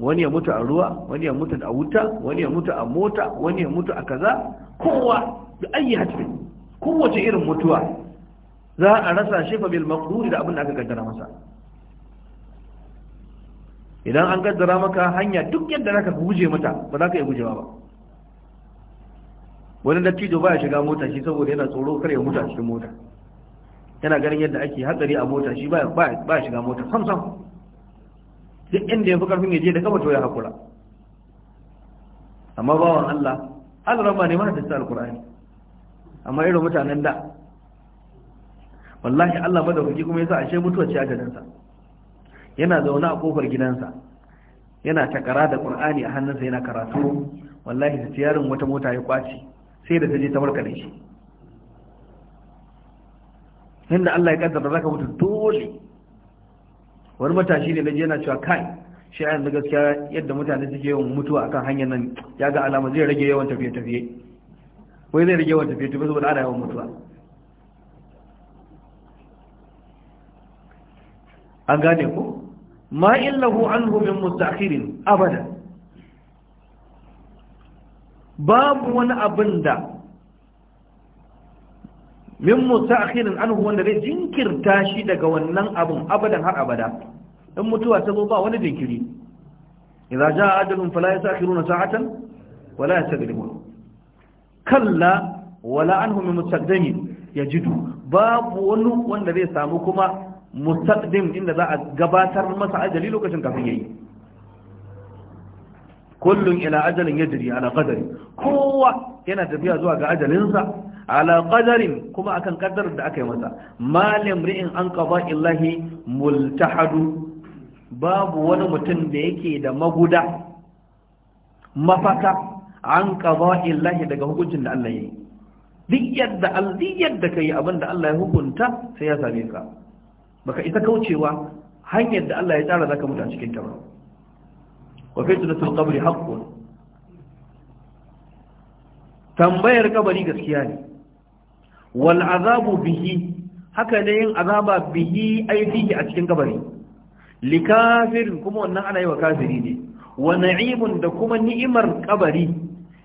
wani ya mutu a ruwa wani ya mutu a wuta wani ya mutu a mota wani ya mutu a kaza kowa da ayi hatfi kowace irin mutuwa za a rasa shi fa bil maqduri da abin da aka kaddara masa idan an kaddara maka hanya duk yadda zaka guje mata ba za ka iya gujewa ba wani dattijo baya shiga mota shi saboda yana tsoro kar ya mutu a cikin mota yana ganin yadda ake hatsari a mota shi ba ya shiga mota sam sam duk inda ya fi karfin ya je da kama to ya hakura amma bawan Allah Allah rabba ne mana da alqur'ani amma irin mutanen da wallahi Allah madaukaki kuma yasa ashe mutuwa ce a gadansa yana zaune a kofar gidansa yana takara da qur'ani a hannunsa yana karatu wallahi da tiyarin wata mota ya kwace sai da ta je ta warkare shi inda Allah ya kaddara zaka mutu dole wani matashi ne naje yana cewa kai shi a yanzu gaskiya yadda mutane suke yawan mutuwa akan hanyar nan ya ga alama zai rage yawan tafiye tafiye wai zai rage yawan tafiye tafiye saboda ana yawan mutuwa an gane ko ma illahu anhu min mustaqirin abada babu wani abin da min musa akhirin anhu wanda zai jinkirta shi daga wannan abin abadan har abada in mutuwa ta zo ba wani jinkiri idza jaa ajalun fala yasakhiruna sa'atan wala yastaqdimun kalla wala anhu min mustaqdimi yajidu babu wani wanda zai samu kuma mustaqdim inda za a gabatar masa ajali lokacin kafin yayi kullun ila ajalin yajri ala qadari kowa yana tafiya zuwa ga ajalinsa ala qadarin kuma akan kaddar da aka yi masa malam ri'in an qaba illahi multahadu babu wani mutum da yake da maguda mafaka an ƙaba illahi daga hukuncin da Allah duk yadda ka yi kai abin da Allah ya hukunta sai ya same ka baka isa kaucewa hanyar da Allah ya tsara zaka mutu a cikin ta ba wa fitnatul qabri haqqun tambayar kabari gaskiya ne wal azabu bihi haka ne yin azaba bihi aifihi a cikin kabari likafirin kuma wannan ana yi wa kafiri ne wa na'imun da kuma ni'imar kabari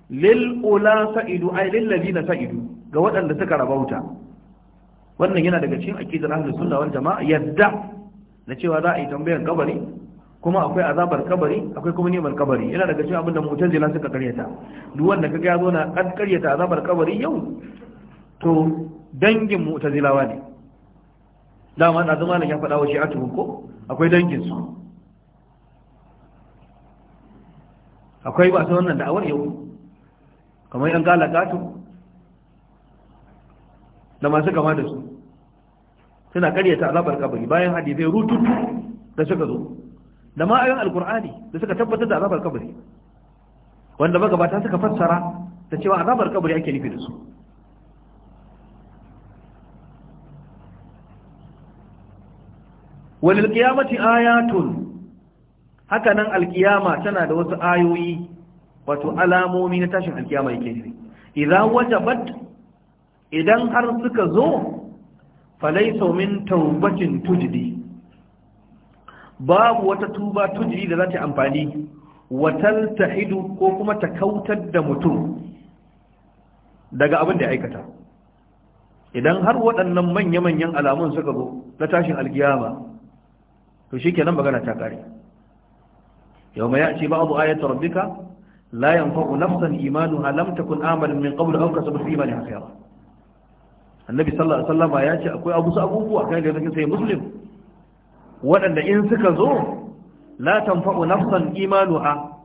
lil ula sa'idu ay lil ladina sa'idu ga waɗanda suka rabauta wannan yana daga cikin aqidar ahlus sunna wal jamaa yadda na cewa za a yi tambayar kabari kuma akwai azabar kabari akwai kuma neman kabari yana daga cikin abin da mu'tazila suka karyata duk wanda kaga ya zo na kan karyata azabar kabari yau to dangin mu'tazilawa ne dama na zama ya faɗa wa shi'atu ko akwai dangin su akwai ba su wannan da'awar yau kamar yan galakatu da masu kama da su suna karyata azabar kabari bayan hadisai rututu da suka zo da ma ayoyin alkur'ani da suka tabbatar da azabar kabari wanda magabata suka fassara da cewa azabar kabari ake nufi da su Wani qiyamati ayatun haka nan alkiyama tana da wasu ayoyi wato alamomi na tashin alkiyama yake nufi idan wajabat idan har suka zo falaisa min ta'ubacin tujdi babu wata tuba tujiri da za ta amfani watal tahidu ko kuma ta kautar da mutum daga abin da ya aikata idan har waɗannan manya-manyan alamun suka zo na tashin alkiyama to shi kenan magana ta ƙare yau mai ce ba abu ayat rabbika la yanfa'u nafsan ha lam takun amalin min qabl aw kasabat fi imaniha khayra annabi sallallahu alaihi wasallam ya ce akwai abu su abubuwa kai da zaka sai muslim waɗanda in suka zo la tanfa'u nafsan imanuha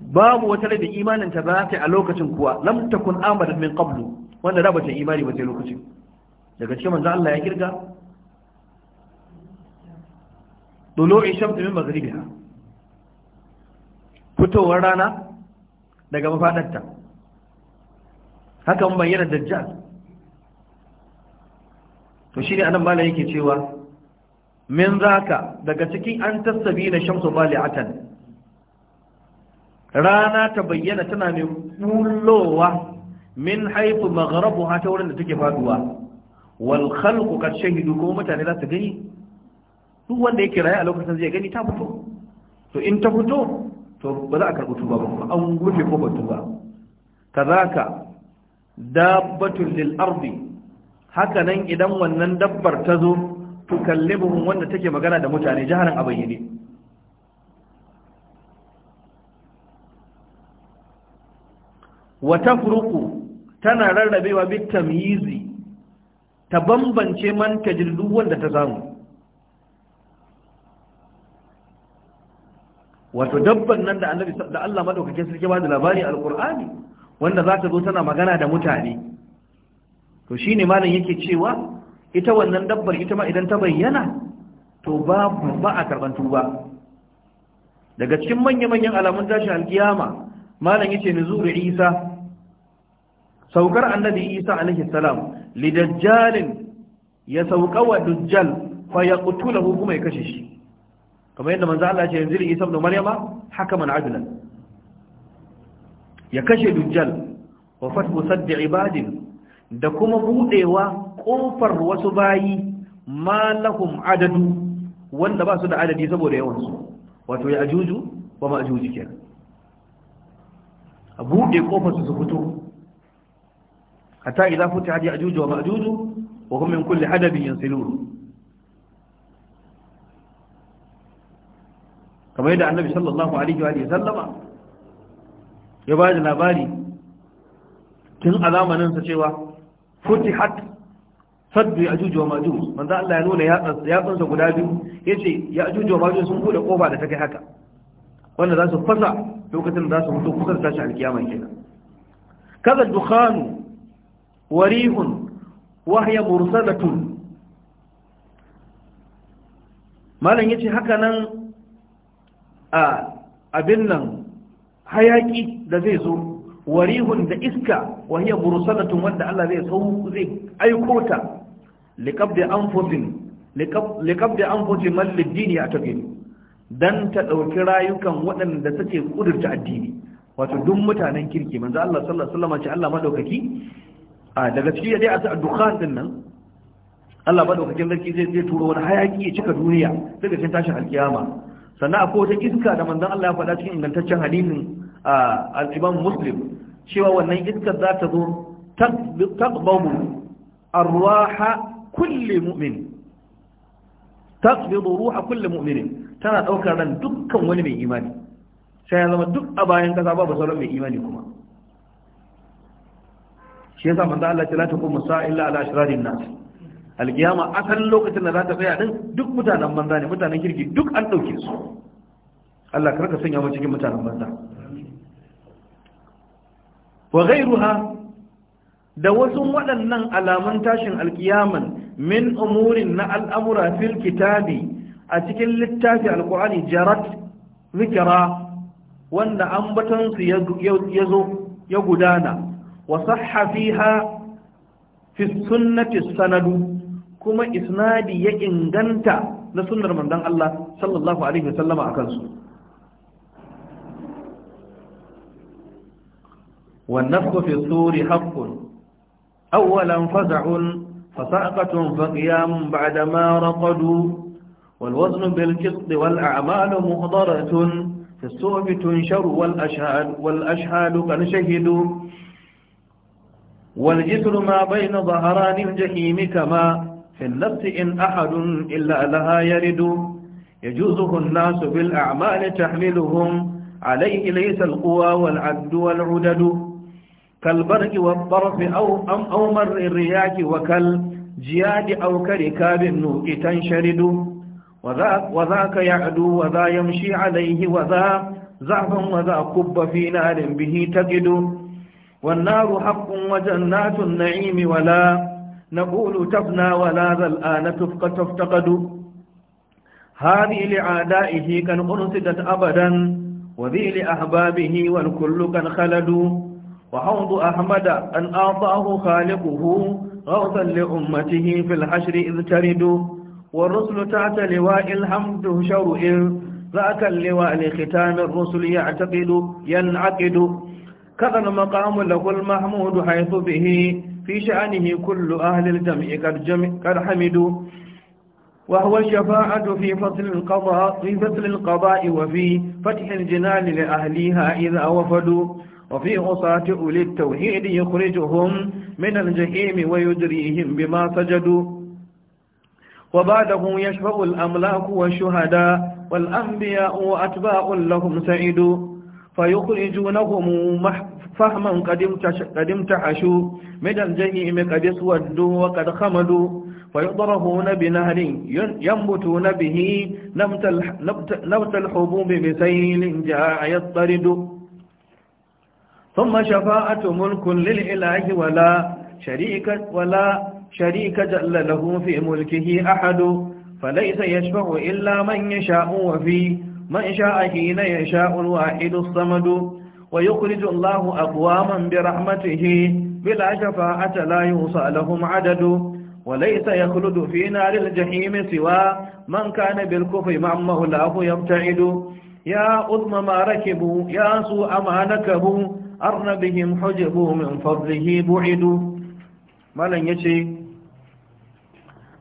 babu wata da imanin ta za ta a lokacin kuwa lam takun amadat min qablu wanda da bata imani ba sai lokacin daga cikin manzo Allah ya kirga dulu'i shamsi min maghribiha fitowar rana daga mafadarta haka mun bayyana dajjal to shi ne anan yake cewa min zaka daga cikin an tasabi na shamsu can. rana ta bayyana tana mai kulowa min haifu ha ta wurin da take faduwa wal khalqu kad shahidu ko mutane za su gani duk wanda yake raye a lokacin zai gani ta fito to in ta fito to ba za a karɓi tuba ba kuma an rufe ko tuba kazaka dabbatun lil ardi haka nan idan wannan dabbar ta zo tukallimuhum wanda take magana da mutane jaharan abayyane wa tafruqu tana rarrabewa bit tamyizi ta bambance man tajillu wanda ta zamu wato dabban nan da annabi da Allah madaukakin sarki ba da labari alqur'ani wanda za ta zo tana magana da mutane to shine malam yake cewa ita wannan dabbar ita ma idan ta bayyana to babu ba a karban tuba daga cikin manya-manyan alamun tashi alkiyama malam yace nuzuru Isa saukar annabi Isa alaihi salam lidajjalin ya sauka wa dujjal fa ya yaqtulahu kuma ya kashe shi kamar yadda manzo Allah ya ce yanzu Isa ibn Maryama hakaman adlan ya kashe dujjal wa fatu sadd ibadin da kuma buɗewa ƙofar wasu bayi malahum adadu wanda ba su da adadi saboda yawansu wato ya ajuju ba ma ajuji kenan a buɗe ƙofarsu su fito hatta idan fita hadi ajuju wa ma ajuju wa kuma min kulli hadabin yansilun kamar yadda annabi sallallahu alaihi wa sallama ya ba da labari tun a zamaninsa cewa futihat saddu ya ajuju wa majus manzo Allah ya nuna yatsansa guda biyu yace ya ajuju wa majus sun bude kofa da ta kai haka wanda za su fasa lokacin da za su mutu kusa da tashi alkiyama kenan kaza dukhanu wa rihun wa hiya mursalatun malam yace haka nan a abin nan hayaki da zai zo warihun da iska wa hiya mursalatun wanda Allah zai sau zai aiko ta liqabdi anfusin liqabdi anfusin man lidini a tafi don ta ɗauki rayukan waɗanda suke kudurta addini wato duk mutanen kirki manzo Allah sallallahu alaihi wasallam ce Allah madaukaki a daga cikin dai a dukkan din nan Allah madaukakin sarki zai zai turo wani hayaki ya cika duniya daga cikin tashin alkiyama sannan akwai wata iska da manzon Allah ya faɗa cikin ingantaccen hadisin al'imam muslim cewa wannan iskar za ta zo taqbabu arwaha kulli mu'min taqbidu ruha kulli mumin tana daukar ran dukkan wani mai imani sai ya zama duk a bayan kasa babu sauran mai imani kuma shi yasa manzo Allah ta lata kuma sa illa ala ashrarin nas alkiyama akan lokacin da za ta tsaya din duk mutanen manzo ne mutanen kirki duk an dauke su Allah karka sanya mu cikin mutanen manzo wa ghairuha da wasu waɗannan alamun tashin alkiyaman min umurin na al'amura fil kitabi a cikin littafi alkur'ani jarat zikira wanda ambatansu ya zo ya gudana wa sahafiha fi sunnati sanadu kuma isnadi ya inganta na sunnar mandan Allah sallallahu alaihi wasallama akan su والنفخ في الصور حق أولا فزع فصعقة فقيام بعدما رقدوا والوزن بالقسط والأعمال مهضرة في الصعب تنشر والأشهاد والأشهاد قد شهدوا والجسر ما بين ظهران الجحيم كما في النفس إن أحد إلا لها يرد يجوزه الناس بالأعمال تحملهم عليه ليس القوى والعد والعدد كالبرق والطرف أو, أم أو مر الرياح وكالجياد أو كركاب النوء تنشرد وذاك, وذاك يعدو وذا يمشي عليه وذا زعف وذا قب في نار به تجد والنار حق وجنات النعيم ولا نقول تبنى ولا ذا الآن تفق تفتقد هذه لعادائه كان أرصدت أبدا وذي لأحبابه والكل كان خلدوا وحوض أحمد أن أعطاه خالقه غوثا لأمته في الحشر إذ ترد والرسل تحت لواء الحمد تهشر إذ ذاك اللواء لختام الرسل يعتقد ينعقد كذا المقام له المحمود حيث به في شأنه كل أهل الجمع قد حمدوا وهو الشفاعة في فصل القضاء في فصل القضاء وفي فتح الجنان لأهليها إذا وفدوا وفي عصاة أولي التوحيد يخرجهم من الجحيم ويدريهم بما سجدوا وبعده يشفع الأملاك والشهداء والأنبياء وأتباع لهم سعيد فيخرجونهم فهما قد امتحشوا من الجحيم قد اسودوا وقد خمدوا فيضربون بنهر ينبتون به نبت الحبوب بسيل جاع يضطرد ثم شفاعة ملك للإله ولا شريك ولا شريك جل له في ملكه أحد فليس يشفع إلا من يشاء وفي من شاء حين يشاء الواحد الصمد ويخرج الله أقواما برحمته بلا شفاعة لا يوصى لهم عدد وليس يخلد في نار الجحيم سوى من كان بالكفر مع مولاه يبتعد يا أذم ما ركبوا يا سوء ما نكبوا arnabihim hujibu min fadlihi bu'idu malan yace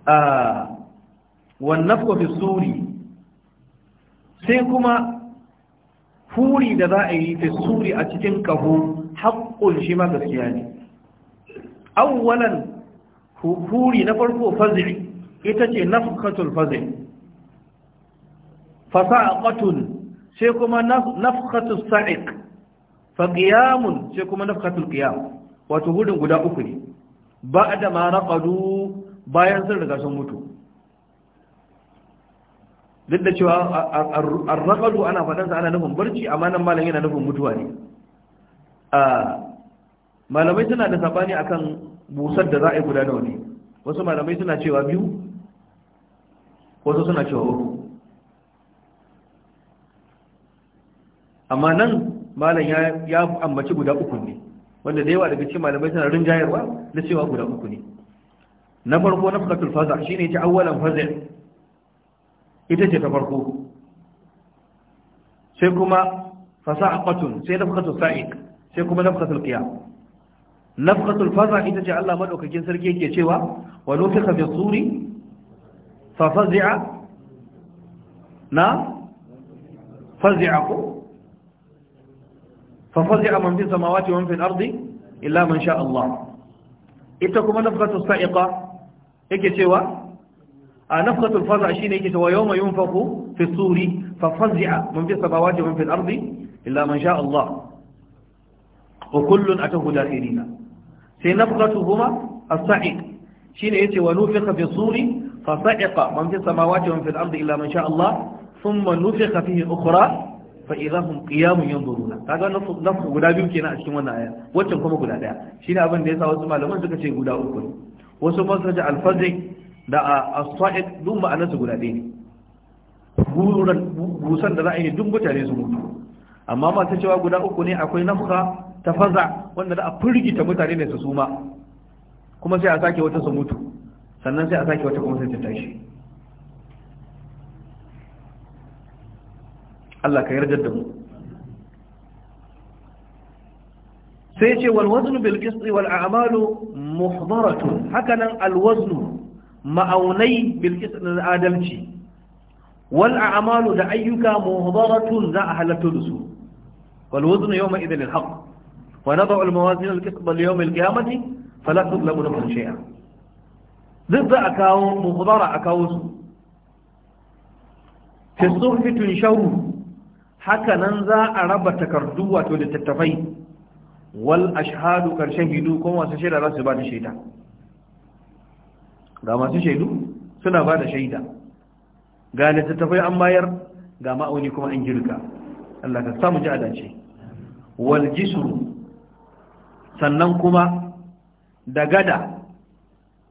a wan nafku fi suri sai kuma furi da za a yi fi suri a cikin kahu haƙƙun shi ma gaskiya ne awwalan furi na farko fazli ita ce nafkatul fazli fasaqatun sai kuma nafkatul sa'iq fa qiyamun sai kuma nafkatul qiyam wato gudun guda uku ne da ma naqadu bayan sun riga sun mutu duk da cewa ar-raqadu ana fadan sa ana nufin barci amma nan malam yana nufin mutuwa ne malamai suna da sabani akan busar da za'i guda nawa ne wasu malamai suna cewa biyu wasu suna cewa uku amma nan malam ya ambaci guda uku ne wanda da yawa daga cikin malamai suna rinjayarwa na cewa guda uku ne na farko na fakatul faza shine ta awwalan faza ita ce ta farko sai kuma a fasaqatun sai nafqatul sa'iq sai kuma nafqatul Na nafqatul faza ita ce Allah madaukakin sarki yake cewa wa nufiqa fi suri fa fazi'a na fazi'a ko ففزع من في السماوات ومن في الأرض إلا من شاء الله إتكم نفخة الصائقة إيكي سوى آه، نفخة الفزع شين إيكي سوى يوم ينفق في الصور ففزع من في السماوات ومن في الأرض إلا من شاء الله وكل أتوه داخلين سنفختهما الصعيد شين إيكي ونفخ في الصور فصعق من في السماوات ومن في الأرض إلا من شاء الله ثم نفخ فيه أخرى fa idahum qiyamun yanzuruna kaga nasu guda biyu kenan a cikin wannan aya waccan kuma guda daya shine abin da yasa wasu malaman suka ce guda uku ne wasu ma suka ce al-fajr da as-sa'id duk ma'anarsa guda ɗaya ne gururan gusan da za a yi duk mutane su mutu amma masu cewa guda uku ne akwai nafka ta faza wanda da a firgita mutane ne su suma kuma sai a sake wata su mutu sannan sai a sake wata kuma sai ta tashi Allah ka yarda da mu sai ce wal waznu bil qisti wal a'malu muhdaratun hakanan al waznu ma'aunai bil qisti na adalci wal a'malu da ayyuka muhdaratun za a halatto da su wal waznu yawma idhil al haqq wa nad'u al mawazin al qisti li yawm al qiyamati fala tudlamu nafsun shay'a duk za a kawo muhdara a kawo su fi suhfi tunsharu haka nan za a raba takardu wato littattafai wal ashhadu karshen hidu kuma masu shaida za su ba da shaida ga masu shaidu suna ba da shaida ga littattafai an bayar ga ma'auni kuma an girka Allah ka samu ji adace wal jisru sannan kuma da gada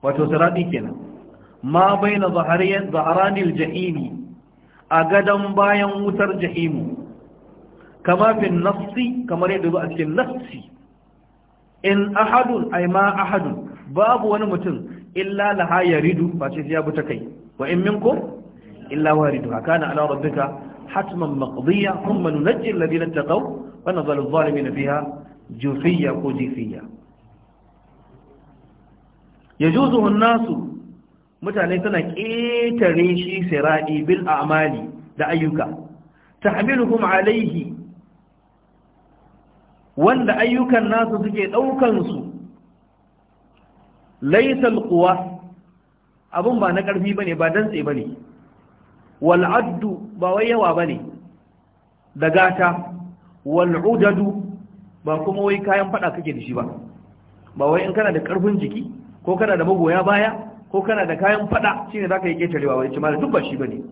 wato sarati kenan ma baina zaharanil jahimi a gadan bayan wutar jahimu kama fi nafsi kamar yadda zo a cikin nafsi in ahadun a ma ahadun babu wani mutum illa laha yaridu ba ce ya buta kai wa in minku illa waridu kana ala rabbika hatman maqdiya thumma nunajji alladhina taqaw wa nadhalu adh-dhalimin fiha jufiya ko jifiya yajuzu an-nasu mutane suna ƙetare shi sira'i bil a'mali da ayyuka tahmiluhum alaihi wanda ayyukan nasu suke ɗaukansu laisal kuwa abin ba na ƙarfi ba ne ba dantse ba ne wal'addu ba wai yawa ba ne da gata wal'udadu ba kuma wai kayan fada kake da shi ba ba wai in kana da ƙarfin jiki ko kana da magoya baya ko kana da kayan fada shine zaka yi ketarewa wai cimar duk ba shi bane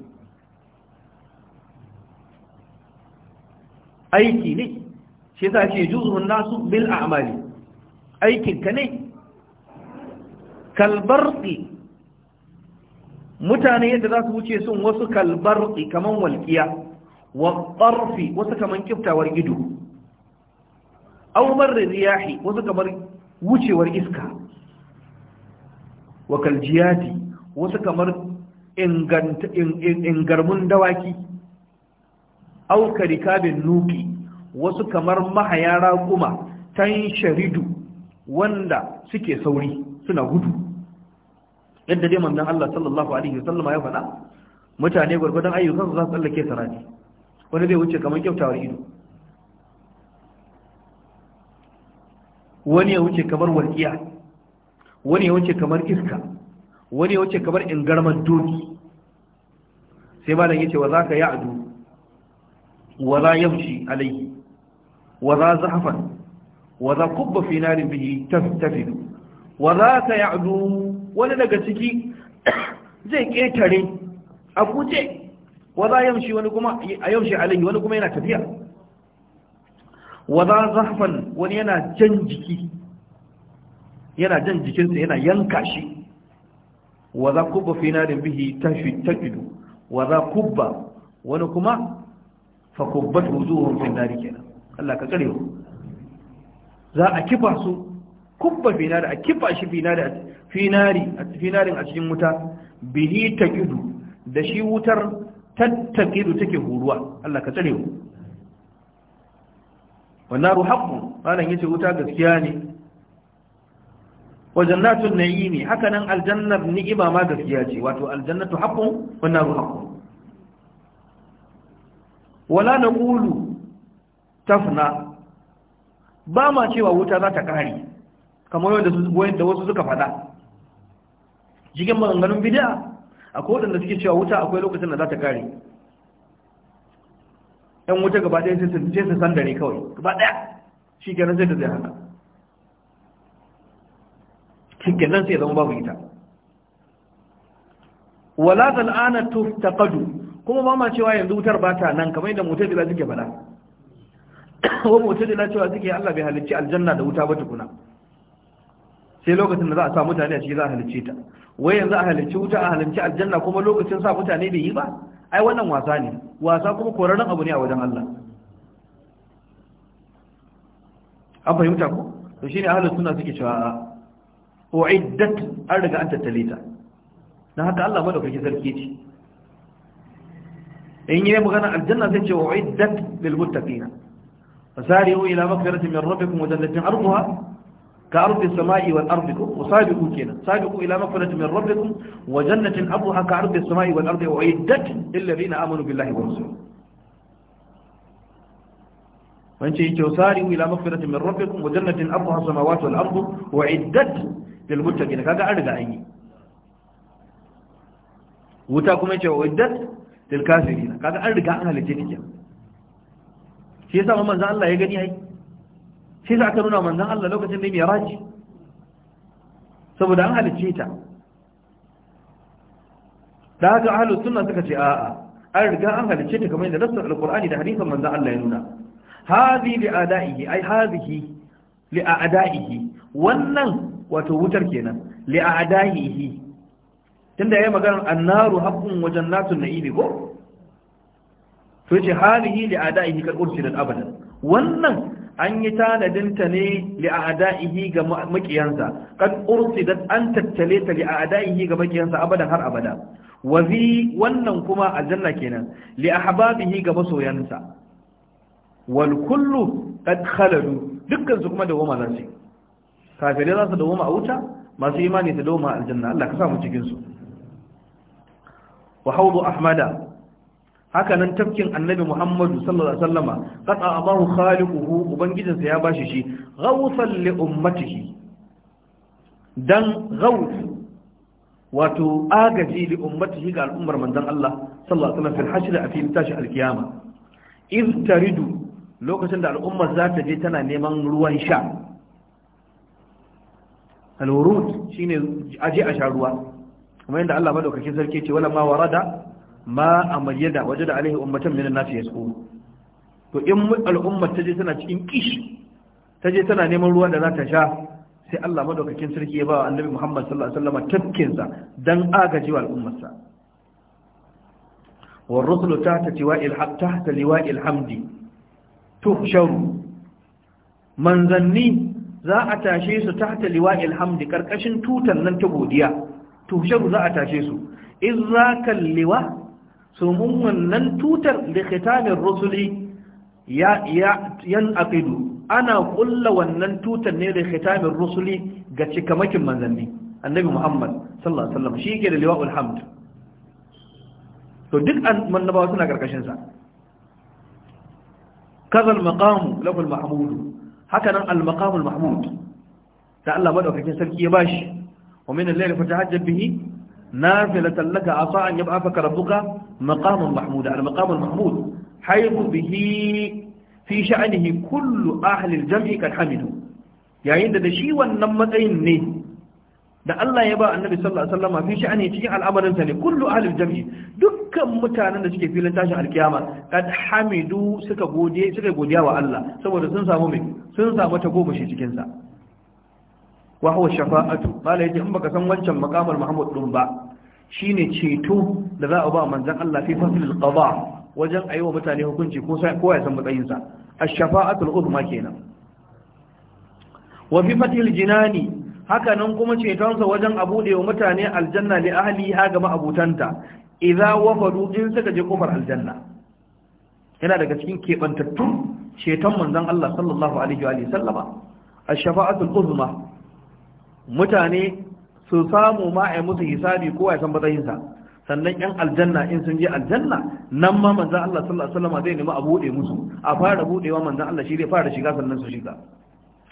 aiki ne shi yasa ce juzun nasu bil a'mali aikin ka ne kalbarqi mutane yadda za su wuce sun wasu kalbarqi kaman walqiya wa qarfi wasu kaman kiftawar ido aumar marri riyahi wasu kamar wucewar iska wa kaljiyati wasu kamar ingarmun dawaki aw karikabin nuki wasu kamar mahaya raƙuma tan sharidu wanda suke sauri suna gudu yadda dai manzon Allah sallallahu alaihi wasallam ya faɗa mutane gurgurdan ayyukan su za su tsallake sarari wani zai wuce kamar kyautawar ido wani ya wuce kamar walƙiya wani ya wuce kamar iska wani ya wuce kamar ingarman doki sai malam yace wa zaka ya'du wa la yamshi alayhi وذا زحفا وذا قب في نار به تفتفد وذا سيعدو ولا لغتكي زي كيتري أفوتي وذا يمشي ونكما يمشي عليه ونكما ينا تفيا وذا زحفا ونينا جنجكي yana jan jikinsa yana yanka shi wa za kubba fi narin bihi tafidu wa za kubba wani kuma fa kubbatu wuzuhum fi nari kenan Allah ka tsare za a kifa su kubba finari a kifa shi finari a finari a finarin a cikin wuta bihi ta kidu da shi wutar tattakidu take huruwa Allah ka tsare wa. wannan ruhabbu malan yace wuta gaskiya ne wa jannatun na'imi haka nan aljannar ni'ima ma gaskiya ce wato aljannatu haqqun wannan ruhabbu wala naqulu tafna ba ma cewa wuta za ta kare kamar yadda wasu suka fada jikin maganganun bid'a akwai wadanda suke cewa wuta akwai lokacin da za ta kare yan wuta gaba ɗaya sai su dare kawai gaba ɗaya shi kenan sai ta zai haka shi nan sai zama babu ita wala zal'ana Kadu kuma ba ma cewa yanzu wutar ba ta nan kamar yadda mutazila suke faɗa (coughs) wa da cewa suke Allah bai halicci aljanna da wuta ba tukuna sai lokacin da za a sa mutane a ciki za a halicce ta wai yanzu a halicci wuta a halicci aljanna kuma lokacin sa mutane bai yi ba ai wannan wasa ne wasa kuma korarren abu ne a wajen Allah an fahimta ko to shine ahlus sunna suke cewa uiddat an riga an tattale ta dan haka Allah madaukaki sarki ce in yi magana aljanna sai ce uiddat lil muttaqina فسارعوا إلى مغفرة من ربكم وجنة عرضها كأرض السماء والأرض وسابقوا كنا سابقوا إلى مغفرة من ربكم وجنة عرضها كأرض السماء والأرض وعدت للذين آمنوا بالله ورسوله شئت يتوساروا إلى مغفرة من ربكم وجنة عرضها السماوات والأرض وعدت للمتقين هذا عرض أي وتاكم وعدت للكافرين هذا عرض أهل الجنة shi yasa ma manzon Allah ya gani ai shi yasa aka nuna manzon Allah lokacin da ya miraji saboda an halicce ta da haka ahlus sunna suka ce a'a an riga an halicce ta kamar yadda nassin alqur'ani da hadisin manzon Allah ya nuna hadhi li adaihi ai hadhihi li adaihi wannan wato wutar kenan li adaihi tunda yayi magana annaru haqqun wa jannatun na'imi ko to yace halihi li ada'ihi kal ursilat abadan wannan an yi tanadin ta ne li a'da'ihi ga makiyansa kad ursidat an tattale ta li a'da'ihi ga makiyansa abadan har abada wa zi wannan kuma aljanna kenan li ahbabihi ga masoyansa wal kullu kad khaladu dukkan su kuma dawoma za su kafirai za su da dawoma a wuta masu imani su dawoma aljanna Allah ka sa mu cikin su wa hawdu ahmada haka nan tafkin annabi muhammadu sallallahu alaihi wasallama qata amahu khaliquhu ubangijinsa ya bashi shi ghawsan li ummatihi dan ghaws wato agaji li ummatihi ga al'ummar manzon Allah sallallahu alaihi wasallam fil hashr a fil tashi alkiyama iz taridu lokacin da al'ummar za ta je tana neman ruwan sha al-wurud shine aje a sha ruwa kamar yadda Allah madaukakin sarki ce wala ma warada ma amayyada wajada alaihi ummatan minan nas yasqu to in al'ummar ta je tana cikin kishi ta je tana neman ruwa da za ta sha sai Allah madaukakin sarki ya ba annabi Muhammad sallallahu alaihi wasallam tafkinsa dan agaji wa al'ummarsa wa rusulu tahta tiwa'il haq tahta liwa'il hamdi tuhsharu manzanni za a tashe su tahta liwa'il hamdi karkashin tutan nan ta godiya tuhsharu za a tashe su in za liwa sumun wannan tutar da khitanin rusuli ya yan aqidu ana kulla wannan tutar ne da khitamin rusuli ga cikamakin manzanni annabi muhammad sallallahu alaihi wasallam shi ke da liwa'ul hamd to duk annabawa suna karkashin sa kazal maqam lahu al mahmud haka nan al maqam al mahmud da Allah madaukakin sarki ya bashi wa min al-layli fatahajjab nafilatan tallaka asa an yaba aka karabuka maqamun mahmud al maqamun mahmud haythu bihi fi sha'nihi kullu ahli al jam'i kan hamidu yayin da shi wannan matsayin ne da Allah ya ba annabi sallallahu alaihi wasallam fi sha'ni cikin al'amarin sa ne kullu ahli al jam'i dukkan mutanen da suke filin tashin alkiyama kad hamidu suka godiya wa Allah saboda sun samu ta sun samu tagomashi wa huwa shafa'atu mala yace in baka san wancan makamar Muhammad din ba shine ceto da za a ba manzon Allah fi fasilil qada wajen ayi wa mutane hukunci ko sai kowa ya san matsayin sa ash-shafa'atu al-uzma kenan wa fi fatil jinani haka nan kuma cetonsa wajen a buɗe wa mutane aljanna li ahli ha a abutanta idza wafadu in suka je kofar aljanna yana daga cikin kebantattun ceton manzon Allah sallallahu alaihi wa sallama shafa'atu shafaatul uzma mutane su samu ma a musu hisabi ko a san matsayinsa sannan yan aljanna in sun je aljanna nan ma manza Allah sallallahu alaihi wasallam zai nemi a bude musu a fara budewa manzan Allah shi zai fara shiga sannan su shiga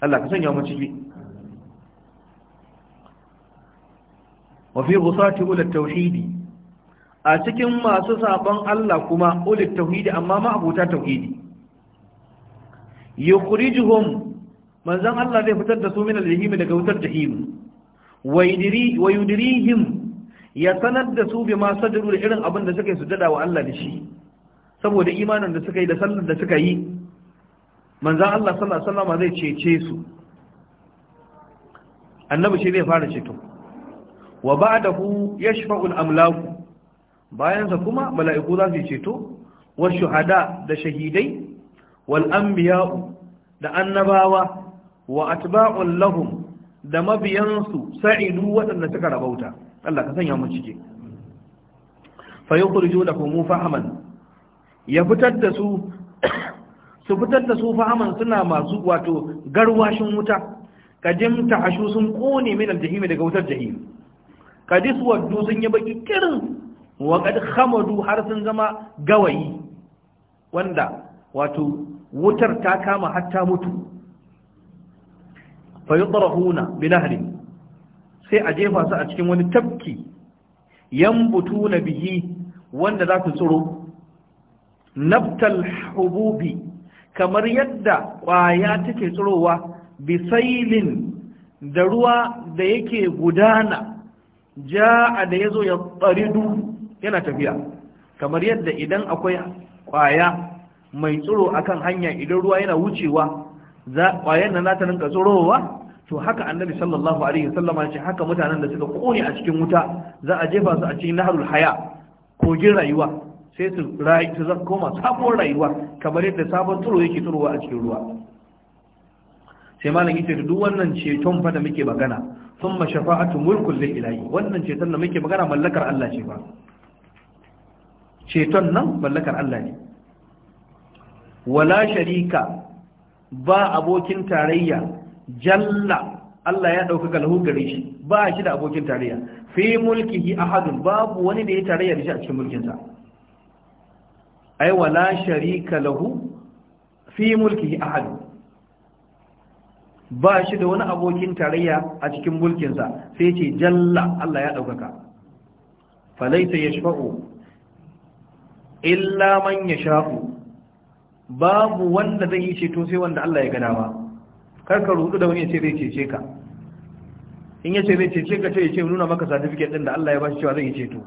Allah ka sanya mu ciki wa fi ghusati ul tauhidi a cikin masu sabon Allah kuma ul tauhidi amma ma abuta tauhidi yukhrijuhum manzon Allah zai fitar da su min al daga wutar jahim wa yudirihim ya sanar da su masu sadru da irin abin da suka yi sujada wa Allah da shi saboda imanin da suka yi da sallar da suka yi manzon Allah sallallahu alaihi wasallam zai cece su annabi shi zai fara ceto wa ba'dahu yashfa'u al-amlaku bayan sa kuma mala'iku za su ceto wa shuhada da shahidai wal anbiya da annabawa wa atba'un lahum da mabiyansu sa'idu waɗanda suka rabauta Allah ka sanya mu cike fa yukhriju lahum fahaman ya fitar da su (coughs) su fitar da su fahaman suna masu wato garwashin wuta kadim ta ashu sun kone min aljahimi daga wutar jahim kadis waddu sun yi baki kirin wa kad khamadu har sun zama gawayi wanda wato wutar ta kama hatta mutu fa yudrahuna sai a jefa su a cikin wani tafki yambutuna bihi wanda za su tsiro naftal hububi kamar yadda ƙwaya take tsirowa bisailin da ruwa da yake gudana ja'a da ya zo ya tsaridu yana tafiya kamar yadda idan akwai ƙwaya mai tsiro akan hanya idan ruwa yana wucewa Ƙwayen nan za ta rinka tsorowa to haka annabi sallallahu alaihi wasallama ya ce haka mutanen da suka kone a cikin wuta za a jefa su a cikin naharul haya kogin rayuwa sai su rayu su koma sabon rayuwa kamar yadda sabon tsoro yake tsorowa a cikin ruwa sai malam yace duk wannan ceton fa da muke magana thumma shafa'atu mulkul lil ilahi wannan ceton da muke magana mallakar Allah ce fa ceton nan mallakar Allah ne wala sharika ba abokin tarayya jalla Allah ya ɗaukaka lahu gare shi ba shi da abokin tarayya fi mulkihi ahadun babu wani da ya tarayya da shi a cikin mulkinsa ai wala sharika lahu fi mulkihi ahadun ba shi da wani abokin tarayya a cikin mulkinsa sai ce jalla Allah ya ɗaukaka falaita yashfa'u illa man yasha'u babu wanda zai yi ceto sai wanda Allah ya gada ba kar ka rudu da wani ya ce zai cece ka in ya ce zai cece ka sai ya ce nuna maka certificate din da Allah ya bashi cewa zai yi ceto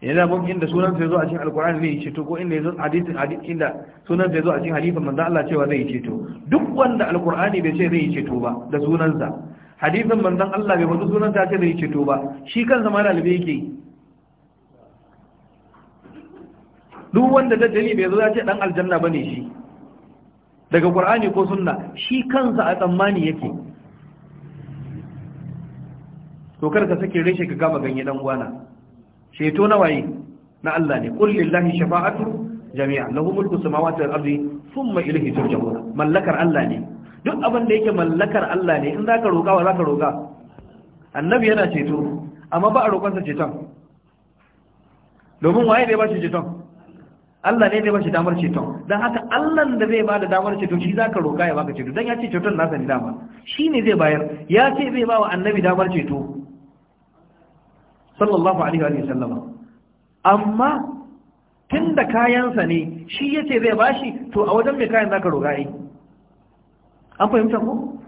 yana mun inda sunan sai zo a cikin alkur'ani zai yi ceto ko inda yazo hadisin inda sunan sai zo a cikin hadisin manzo Allah cewa zai yi ceto duk wanda alqurani bai ce zai yi ceto ba da sunansa hadisin manzo Allah bai wato sunansa ce zai yi ceto ba shi kansa ma dalibi yake yi duk wanda dajjali bai zo ya ce dan aljanna bane shi daga qur'ani ko sunna shi kansa a tsammani yake to kar ka sake rashe ka gama ganye dan gwana Sheto na waye na Allah ne qul lillahi shafa'atu jami'a lahu mulku samawati wal ardi thumma ilayhi turja'un mallakar Allah ne duk abin da yake mallakar Allah ne in zaka roka wa zaka roka annabi yana ceto amma ba a roƙonsa ceton domin waye ne ba shi ceton Allah ne zai shi damar ceton don haka Allah da zai ba da damar ceto shi za ka roga ya baka ceto don ya ce ceton nasa ne dama shi ne zai bayar ya ce zai ba wa annabi damar ceto sallallahu alaihi wa sallama amma tun da kayansa ne shi ya ce zai ba shi, to a wajen mai kayan ka roga yi an fahimta ko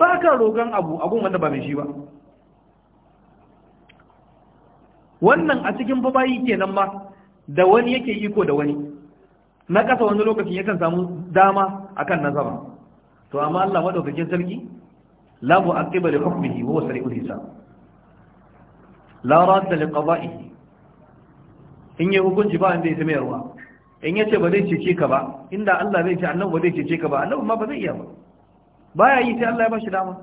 ba ka roƙon abu abun wanda ba mai shi ba wannan a cikin babayi kenan ma da wani yake iko da wani na ƙasa wani lokacin yakan samu dama a kan nazara. to amma Allah maɗaukakin sarki la mu'aqqiba li hukmihi wa wasu sari'ul hisab lara da li qada'ihi in yi hukunci ba inda ya mayarwa in yace ba zai cece ka ba inda Allah zai ce annan ba zai cece ka ba annan ma ba zai iya ba baya yi sai Allah ya bashi dama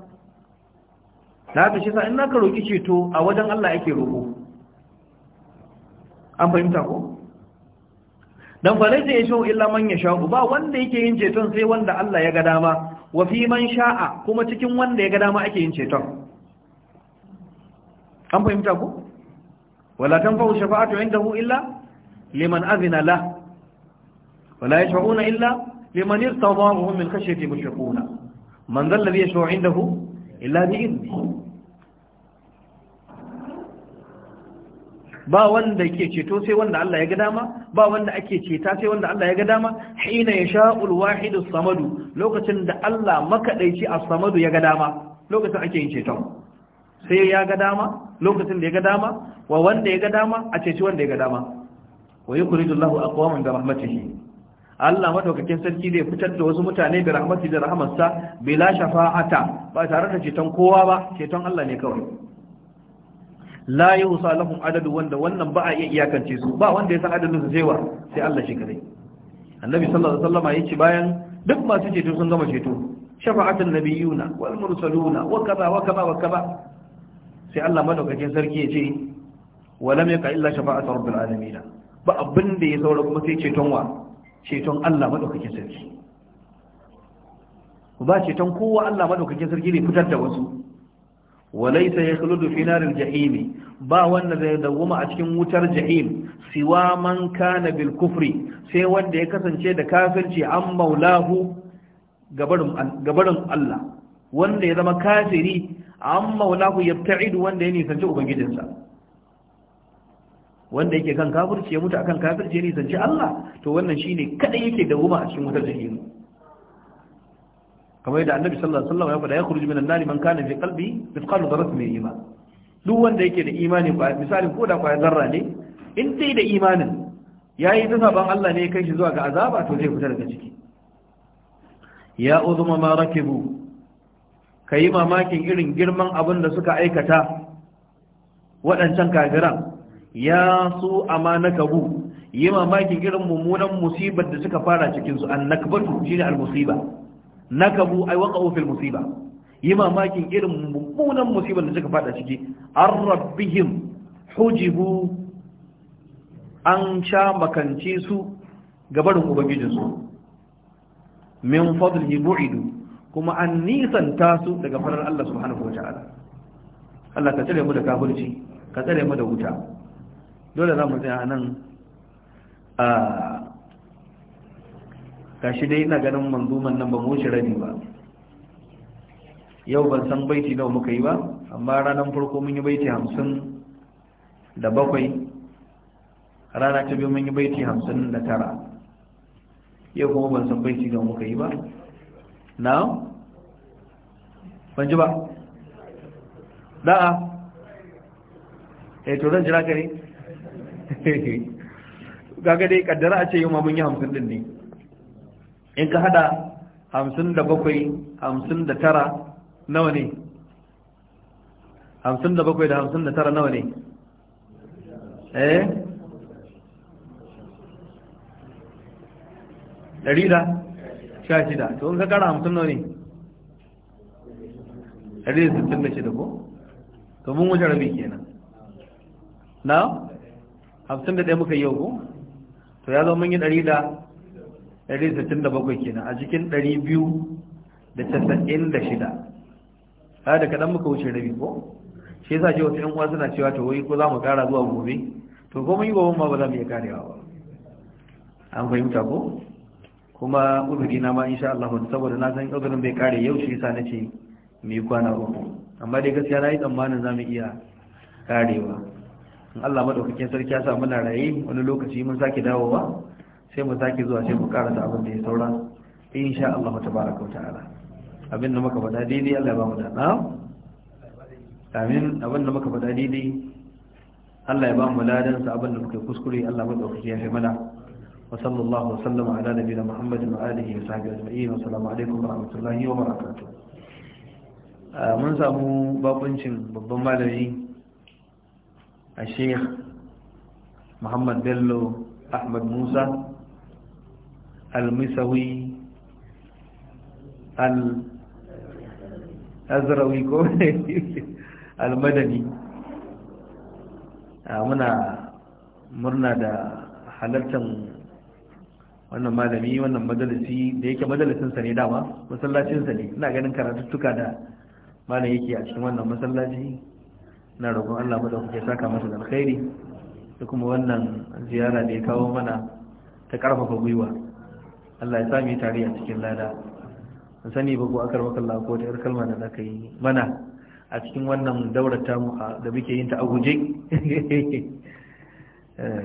na ta shi sa in naka roki ceto a wajen Allah yake roko an fahimta ko dan fa laysa yashu illa man yasha ba wanda yake yin ceton sai wanda Allah ya ga dama wa fi man sha'a kuma cikin wanda ya ga dama ake yin ceton an fahimta ko wala tanfa'u shafa'atu indahu illa liman azina la wala yash'una illa liman irtadahu min khashyati mushrikuna man dhal ladhi yash'u indahu illa bi idnihi ba wanda ke ceto sai wanda Allah ya ga dama ba wanda ake ceta sai wanda Allah ya ga dama hina yasha'ul wahidus samad lokacin da Allah makadaici as-samadu ya ga dama lokacin ake yin ceton sai ya ga dama lokacin da ya ga dama wa wanda ya ga dama a ceci wanda ya ga dama wa Allahu aqwaman bi rahmatihi Allah madaukakin sarki zai fitar da wasu mutane bi rahmatihi da rahmarsa bila shafa'ata ba tare da ceton kowa ba ceton Allah ne kawai la yusa lahum adadu wanda wannan ba a iya iyakance su ba wanda ya san adadin su cewa sai Allah shi kare annabi sallallahu alaihi wasallam yace bayan duk masu ceto sun gama ceto shafa'atul nabiyuna wal mursaluna wa kaza wa kaza wa kaza sai Allah madaukakin sarki ya ce wa lam yaqa illa shafa'atu rabbil alamin ba abin da ya saura kuma sai ceton wa ceton Allah madaukakin sarki ba ceton kowa Allah madaukakin sarki ne fitar da wasu walaita ya khuludu fi naril jahimi ba wanda zai dawwama a cikin wutar jahim siwa man kana bil kufri sai wanda ya kasance da kafirci an maulahu gabarin Allah wanda ya zama kafiri an maulahu yabta'idu wanda ya nisanci ubangijinsa wanda yake kan kafirci ya mutu akan kafirci ya nisanci Allah to wannan shine kadai yake dawwama a cikin wutar jahim kamar yadda annabi sallallahu alaihi wasallam ya faɗa ya kurji minan nari man kana fi qalbi mithqalu dharratin min iman duk wanda yake da imani ba misalin ko da kwaya zarra ne in dai da imanin yayi ta saban Allah ne kai shi zuwa ga azaba to zai fita daga ciki ya uzuma ma rakibu kai mamakin irin girman abin da suka aikata waɗancan kafiran ya su kabu, yi mamakin irin mummunan musibar da suka fara cikin su annakbatu shine musiba nakabu ay waqa'u fil musiba yi mamakin irin mummunan musibar da suka fada ciki an rabbihim hujibu an sha makance su gabarin su. min fadlihi bu'idu kuma an nisanta su daga farar Allah subhanahu wa ta'ala Allah ka tsare mu da kafirci ka tsare mu da wuta dole za mu tsaya nan a ah, gashi dai ina ganin manzuman nan ba mu shi rabi ba yau ban san baiti nawa muka yi ba amma ranar farko mun yi baiti hamsin da bakwai rana ta biyu mun yi baiti hamsin da tara yau kuma ban san baiti nawa muka yi ba na ban ji ba da'a eh to zan jira ka ne (laughs) gaga dai kaddara a ce yau ma mun yi hamsin din ne in ka hada hamsin da bakwai hamsin da tara nawa ne hamsin da bakwai da hamsin da tara nawa ne eh ɗari da sha shida to in ka kara hamsin nawa ne ɗari da sittin da shida ko to mun wuce rabi kenan na hamsin da ɗaya muka yi yau ko to ya zo mun yi ɗari da 167 kenan a cikin 296 biyu da shida. kaɗan muka wuce rabi ko shi yasa ce wasu 'yan uwa suna cewa ta wai ko za mu ƙara zuwa gobe to ko mun yi gobe ma ba za mu iya karewa ba an fahimta ko kuma uzuri na ma insha Allah saboda na san uzurin bai kare yau shi yasa nace mu yi kwana uku amma dai gaskiya na yi tsammanin za mu iya karewa in Allah madaukakin sarki ya sa muna raye wani lokaci mun sake dawowa sai mu sake zuwa sai mu karanta abin da ya saura insha Allah tabaraka wa ta'ala abin da muka faɗa daidai Allah ya ba mu da amin abin da muka faɗa daidai Allah ya ba mu ladan sa abin da muka kuskure Allah mu dauke ya fi mana wa sallallahu wasallama ala nabiyina muhammadin wa alihi wa sahbihi ajma'in assalamu alaikum wa rahmatullahi wa barakatuh mun samu bakuncin babban malami a Sheikh Muhammad Bello Ahmad Musa al-misawi al-azrawi ko al-madani muna murna da halartar wannan malami wannan majalisi da yake majalisinsa ne dama masallacinsa ne ina ganin karatuttuka da malam yake a cikin wannan masallaci na roƙon Allah mu da kuke saka masa da alkhairi da kuma wannan ziyara da ya kawo mana ta ƙarfafa gwiwa Allah ya sa mu tare a cikin lada an sani ba ko akar maka Allah ko da yar kalma da zaka yi mana a cikin wannan daurata mu da muke yin ta a guje (laughs) eh.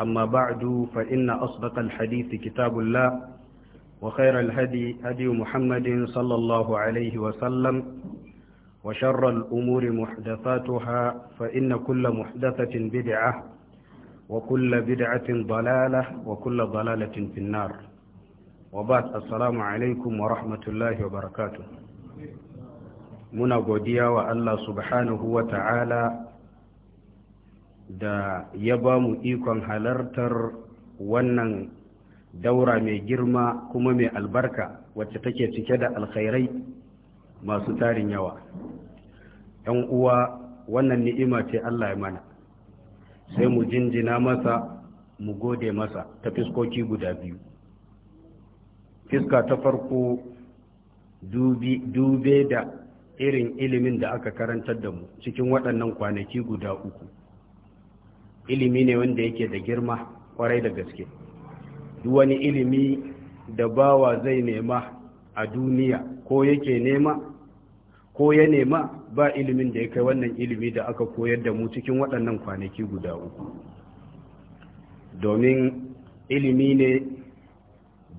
أما بعد فإن أصدق الحديث كتاب الله وخير الهدي هدي محمد صلى الله عليه وسلم وشر الأمور محدثاتها فإن كل محدثة بدعة وكل بدعة ضلالة وكل ضلالة في النار وبعد السلام عليكم ورحمة الله وبركاته muna قديا wa Allah سبحانه وتعالى da ya ba mu ikon halartar wannan daura mai girma kuma mai albarka wacce take cike da alkhairai masu tarin yawa ‘yan uwa wannan ni'ima ce Allah ya mana sai mu jinjina masa mu gode masa ta fiskoki guda biyu fiska ta farko dube da irin ilimin da aka karantar da mu cikin waɗannan kwanaki guda uku ilimi ne wanda yake da girma kwarai da gaske duk wani ilimi da bawa zai nema a duniya ko yake nema ko ya nema ba ilimin da ya kai wannan ilimi da aka koyar da mu cikin waɗannan kwanaki guda uku domin ilimi ne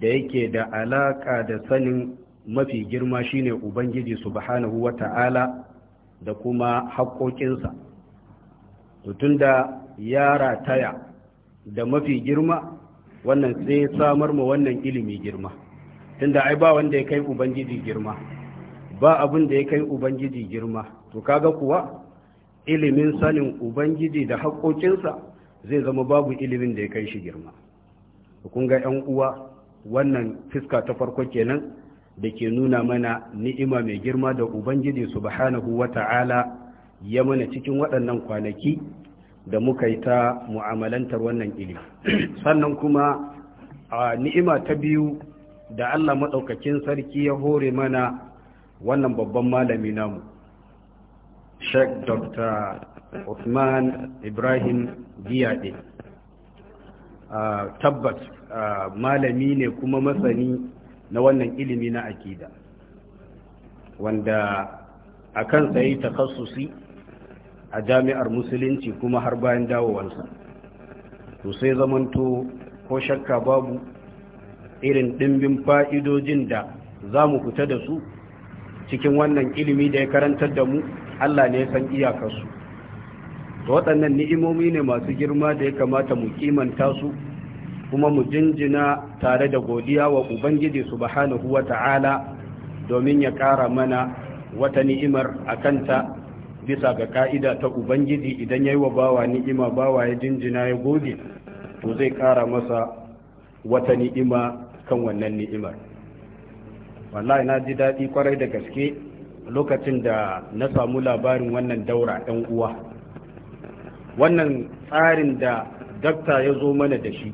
da yake da alaƙa da sanin mafi girma shine ubangiji subhanahu wata'ala da kuma haƙoƙinsa to tunda ya rataya da mafi girma wannan sai samar ma wannan ilimi girma tunda ai ba wanda ya kai ubangiji girma ba abin da ya kai ubangiji girma to kaga kuwa ilimin sanin ubangiji da haƙoƙinsa zai zama babu ilimin da ya kai shi girma kun ga 'yan uwa wannan fiska ta farko kenan da ke nuna mana ni'ima mai girma da ubangiji subhanahu wata'ala ya mana cikin waɗannan kwanaki da muka yi ta mu'amalantar wannan ilimi (clears throat) sannan kuma a ni'ima ta biyu da Allah maɗaukakin sarki ya hore mana wannan babban malami namu Sheikh Dr. Uthman Ibrahim Giyade tabbas malami ne kuma masani na wannan ilimi na akida wanda a kansa yi takassusi a jami'ar musulunci kuma har bayan dawowansa to sai zamanto ko shakka babu irin ɗimbin fa'idojin da za mu fita da su cikin wannan ilimi da ya karantar da mu Allah ne ya san iyakarsu waɗannan ni'imomi ne masu girma da ya kamata mu kimanta su kuma mu jinjina tare da godiya wa ubangiji subhanahu Ta'ala domin ya ƙara mana wata ni'imar akanta. bisa ga ka'ida ta ubangiji idan ya yi wa bawa ni'ima bawa ya jinjina ya goge, to zai ƙara masa wata ni'ima kan wannan ni'imar wallahi na ji daɗi kwarai da gaske lokacin da na samu labarin wannan daura ɗan uwa wannan tsarin da dakta ya zo mana da shi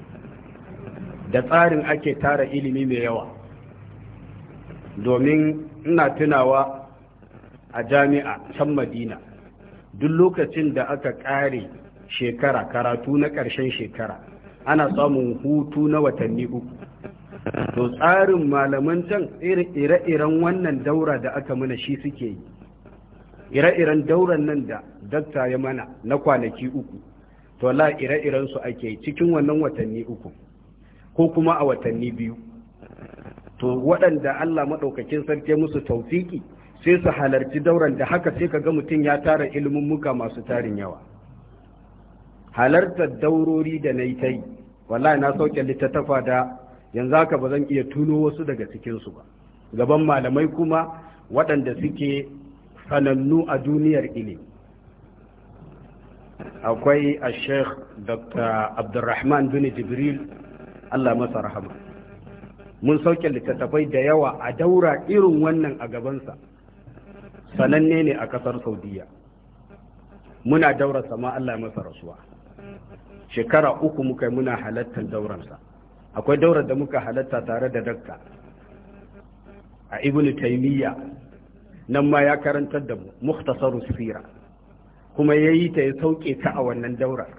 da tsarin ake tara ilimi mai yawa domin ina tunawa a jami'a can madina duk lokacin da aka ƙare shekara karatu na ƙarshen shekara ana samun hutu na watanni uku to tsarin malaman can ire-iren wannan daura da aka mana shi suke yi ire-iren dauran nan da dakta ya mana na kwanaki uku to la ire-iren su ake cikin wannan watanni uku ko kuma a watanni biyu to waɗanda Allah maɗaukakin sarki musu taufiki sai su halarci dauran da haka sai ka ga mutum ya tara ilimin muka masu tarin yawa halartar daurori da na yi ta yi wallahi na sauke littattafa da yanzu haka ba zan iya tuno wasu daga cikinsu ba gaban malamai kuma waɗanda suke sanannu a duniyar ilimi akwai a sheikh dr abdurrahman bin jibril allah masa rahama mun sauke littattafai da yawa a daura irin wannan a gabansa sananne ne a kasar saudiya muna daurarsa ma Allah masa rasuwa shekara uku muka muna halattar daurarsa akwai daurar da muka halatta tare da dakka a ibn taymiya nan ma ya karantar da mu muhtasaru sira kuma ya yi ta ya sauke ta a wannan daurar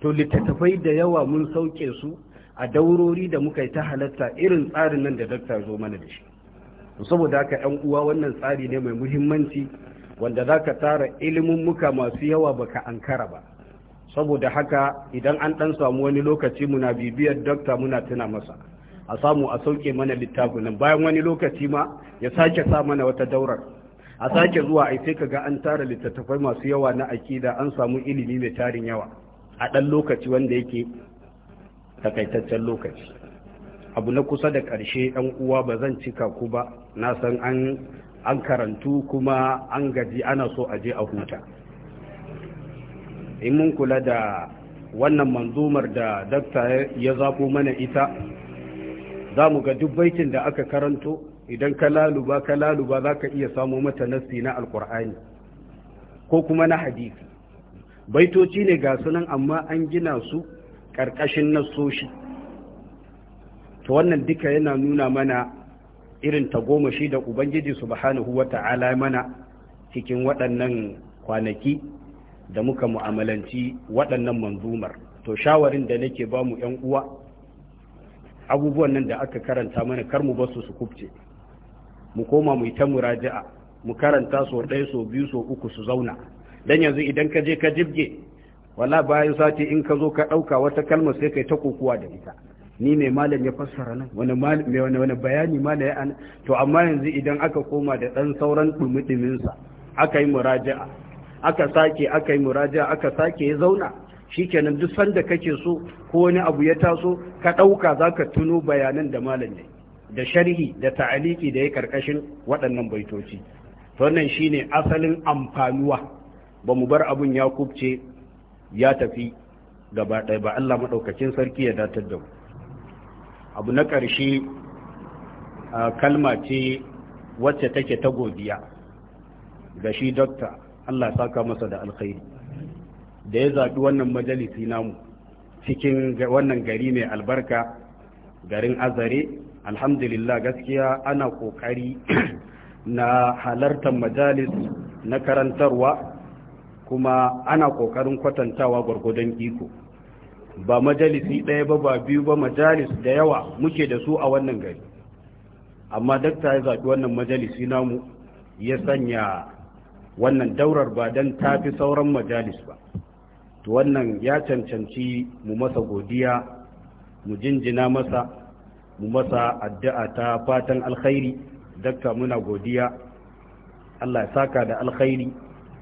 to littattafai da yawa mun sauke su a daurori da muka yi ta halatta irin tsarin nan da dakta zo mana da shi saboda haka yan uwa wannan tsari ne mai muhimmanci wanda za ka tara muka masu yawa baka ankara ba saboda haka idan an ɗan samu wani lokaci muna bibiyar dokta muna tuna masa a samu a sauke mana littafin bayan wani lokaci ma ya sake sa mana wata daurar a sake zuwa a sai kaga an tara littattafai masu yawa na akida an samu ilimi mai tarin yawa a ɗan lokaci wanda yake takaitaccen lokaci abu na kusa da ƙarshe ɗan uwa ba zan cika ku ba na san an karantu kuma an gaji ana so a je a huta in mun kula da wannan manzumar da dakta ya zafo mana ita za mu ga duk baitin da aka karanto idan ka laluba ka laluba za ka iya samo mata nassi na alkur'ani ko kuma na hadisi baitoci ne ga sunan amma an gina su ƙarƙashin nassoshi to wannan duka yana nuna mana irin ta tagomashi da ubangiji subhanahu wata'ala mana cikin waɗannan kwanaki da muka mu'amalanci waɗannan manzumar to shawarin da nake ba mu ‘yan uwa abubuwan nan da aka karanta mana kar mu basu su kubce mu koma mu yi ta muraja'a mu karanta so ɗaya so biyu so uku su zauna dan yanzu idan ka je ka jibge wala bayan sati in ka zo ka ɗauka wata kalmar sai kai ta kokuwa da ita ni mai malam ya fassara nan wani bayani ma da ya ana to amma yanzu idan aka koma da ɗan sauran dumudumin sa aka yi muraja'a aka sake aka yi muraja'a aka sake ya zauna shikenan duk sanda kake so ko wani abu ya taso ka ɗauka zaka tuno bayanan da malam ne da sharhi da ta'aliki da ya karkashin waɗannan baitoci To wannan shine asalin amfanuwa ba mu bar abun ya kubce ya tafi gaba ɗaya ba Allah maɗaukakin sarki ya datar da mu abu na ƙarshe kalma ce wacce take ta godiya ga shi dokta Allah saka masa da alkhairi da ya zaɓi wannan majalisi namu cikin wannan gari mai albarka garin azare alhamdulillah gaskiya ana ƙoƙari (clears throat) na halartar majalis na karantarwa kuma ana ƙoƙarin kwatantawa gwargwadon iko ba majalisi ɗaya ba ba biyu ba majalis da yawa muke da su a wannan gari amma dakta ya zaɓi wannan majalisi namu ya sanya wannan daurar ba don fi sauran majalis ba to wannan ya cancanci mu masa godiya mu jinjina masa mu masa addu'a ta fatan alkhairi dakta muna godiya Allah ya saka da alkhairi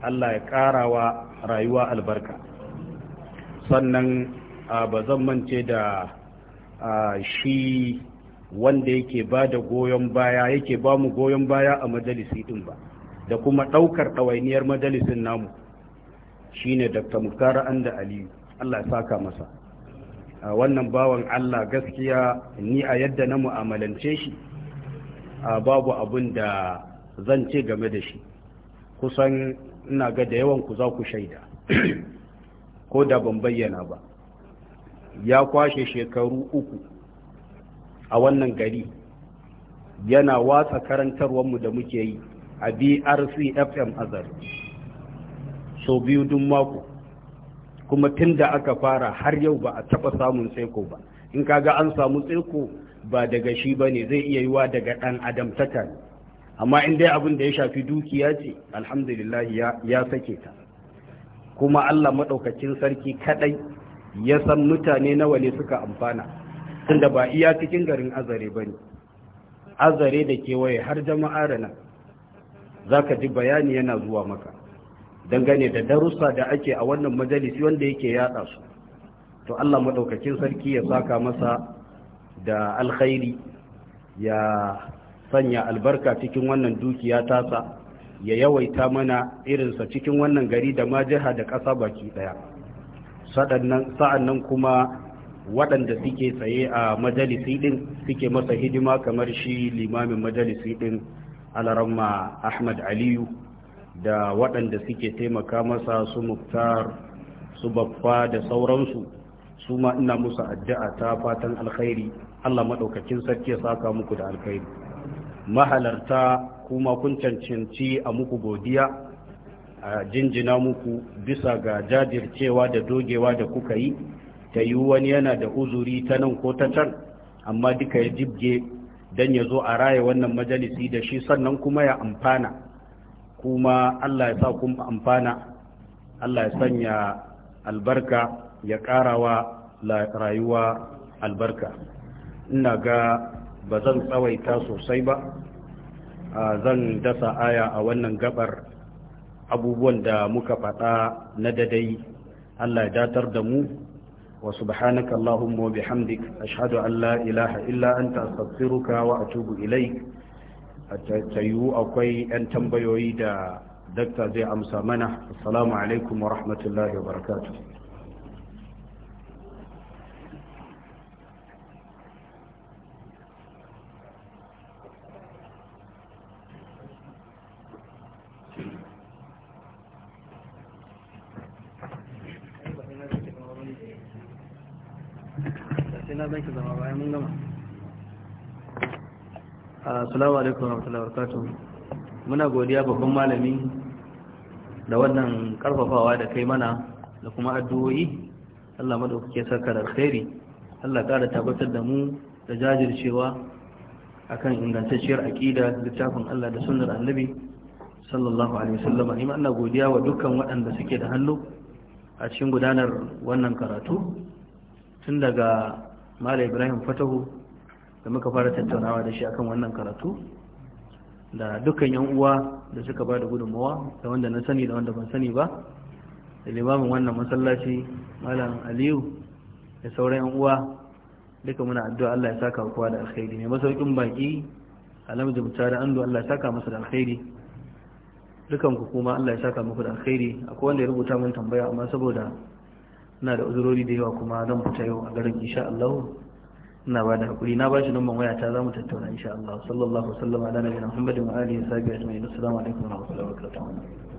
Allah ya ƙarawa rayuwa albarka sannan ba zan mance da shi wanda yake ba da goyon baya yake ba mu goyon baya a majalisi din ba da kuma ɗaukar ɗawainiyar majalisin namu shine dr muktar anda aliyu allah ya saka masa wannan bawan allah gaskiya ni a yadda na mu'amalance shi babu abin da zan ce game da shi kusan ina ga da yawan ku za ku shaida ko da ban bayyana ba ya kwashe shekaru uku a wannan gari yana watsa karantarwarmu da muke yi a brc fm azar sau biyu dun mako kuma tun da aka fara har yau ba a taɓa samun tsaiko ba in kaga an samu tsaiko ba daga shi ba ne zai iya yiwa daga ɗan adamtaka ne amma in dai abin da ya shafi dukiya ce alhamdulillah ya sake ta kuma allah maɗaukacin sarki kaɗai ya san mutane nawa ne suka amfana tunda ba iya cikin garin azare ba ne azare da kewaye har jama'a rana za ka ji bayani yana zuwa maka dangane da darussa da ake a wannan majalisi wanda yake yada su to allah maɗaukakin sarki ya saka masa da alkhairi ya sanya albarka cikin wannan dukiya tasa ya yawaita mana irinsa cikin wannan gari da ma jiha da ƙasa baki ɗaya sa'annan kuma waɗanda suke tsaye a majalisi ɗin suke masa hidima kamar shi limamin majalisi ɗin alaramma ahmad aliyu da waɗanda suke taimaka masa su muktar su babba da sauransu su ma ina musu addu'a ta fatan alkhairi allah maɗaukakin sarki ya saka muku da alkhairi mahalarta kuma kun cancanci a muku godiya a jinjina muku bisa ga jajircewa da dogewa da kuka yi ta yi wani yana da uzuri ta nan ko ta can amma duka ya jibge don ya zo a raye wannan majalisi da shi sannan kuma ya amfana kuma Allah ya sa kuma amfana Allah ya sanya albarka ya karawa rayuwa albarka ina ga ba zan tsawaita sosai ba zan dasa aya a wannan gabar abubuwan da muka faɗa na dadai Allah ya datar da mu wa subhanaka Allahumma wa bihamdik ashhadu an la ilaha illa anta astaghfiruka wa atubu ilaik tayu akwai yan tambayoyi da dakta zai amsa mana assalamu alaikum wa rahmatullahi wa barakatuh sai na zama bayan mun muna godiya babban malami da wannan karfafawa da kai mana da kuma addu'o'i Allah madaukake saka da alkhairi Allah da tabbatar da mu da jajircewa akan ingantacciyar aqida littafin Allah da sunnar annabi sallallahu alaihi wasallam ni ma ina godiya wa dukkan waɗanda suke da hannu a cikin gudanar wannan karatu tun daga mala ibrahim fatahu da muka fara tattaunawa da shi akan wannan karatu da dukkan yan uwa da suka ba da gudunmawa da wanda na sani da wanda ban sani ba da limamin wannan masallaci malam aliyu da sauran yan uwa duka muna addu'a Allah ya saka kowa da alkhairi mai masaukin baki alamji mutare an Allah ya saka masa da alkhairi dukan ku kuma Allah ya saka muku da alkhairi akwai wanda ya rubuta mun tambaya amma saboda ina da uzurori da yawa kuma zan fita yau a garin insha Allah na ba da hakuri na bashi numban waya ta zamu tattauna insha Allah sallallahu alaihi wa sallam ala nabiyina Muhammadin wa alihi wa sahbihi ajma'in assalamu alaikum wa rahmatullahi wa barakatuh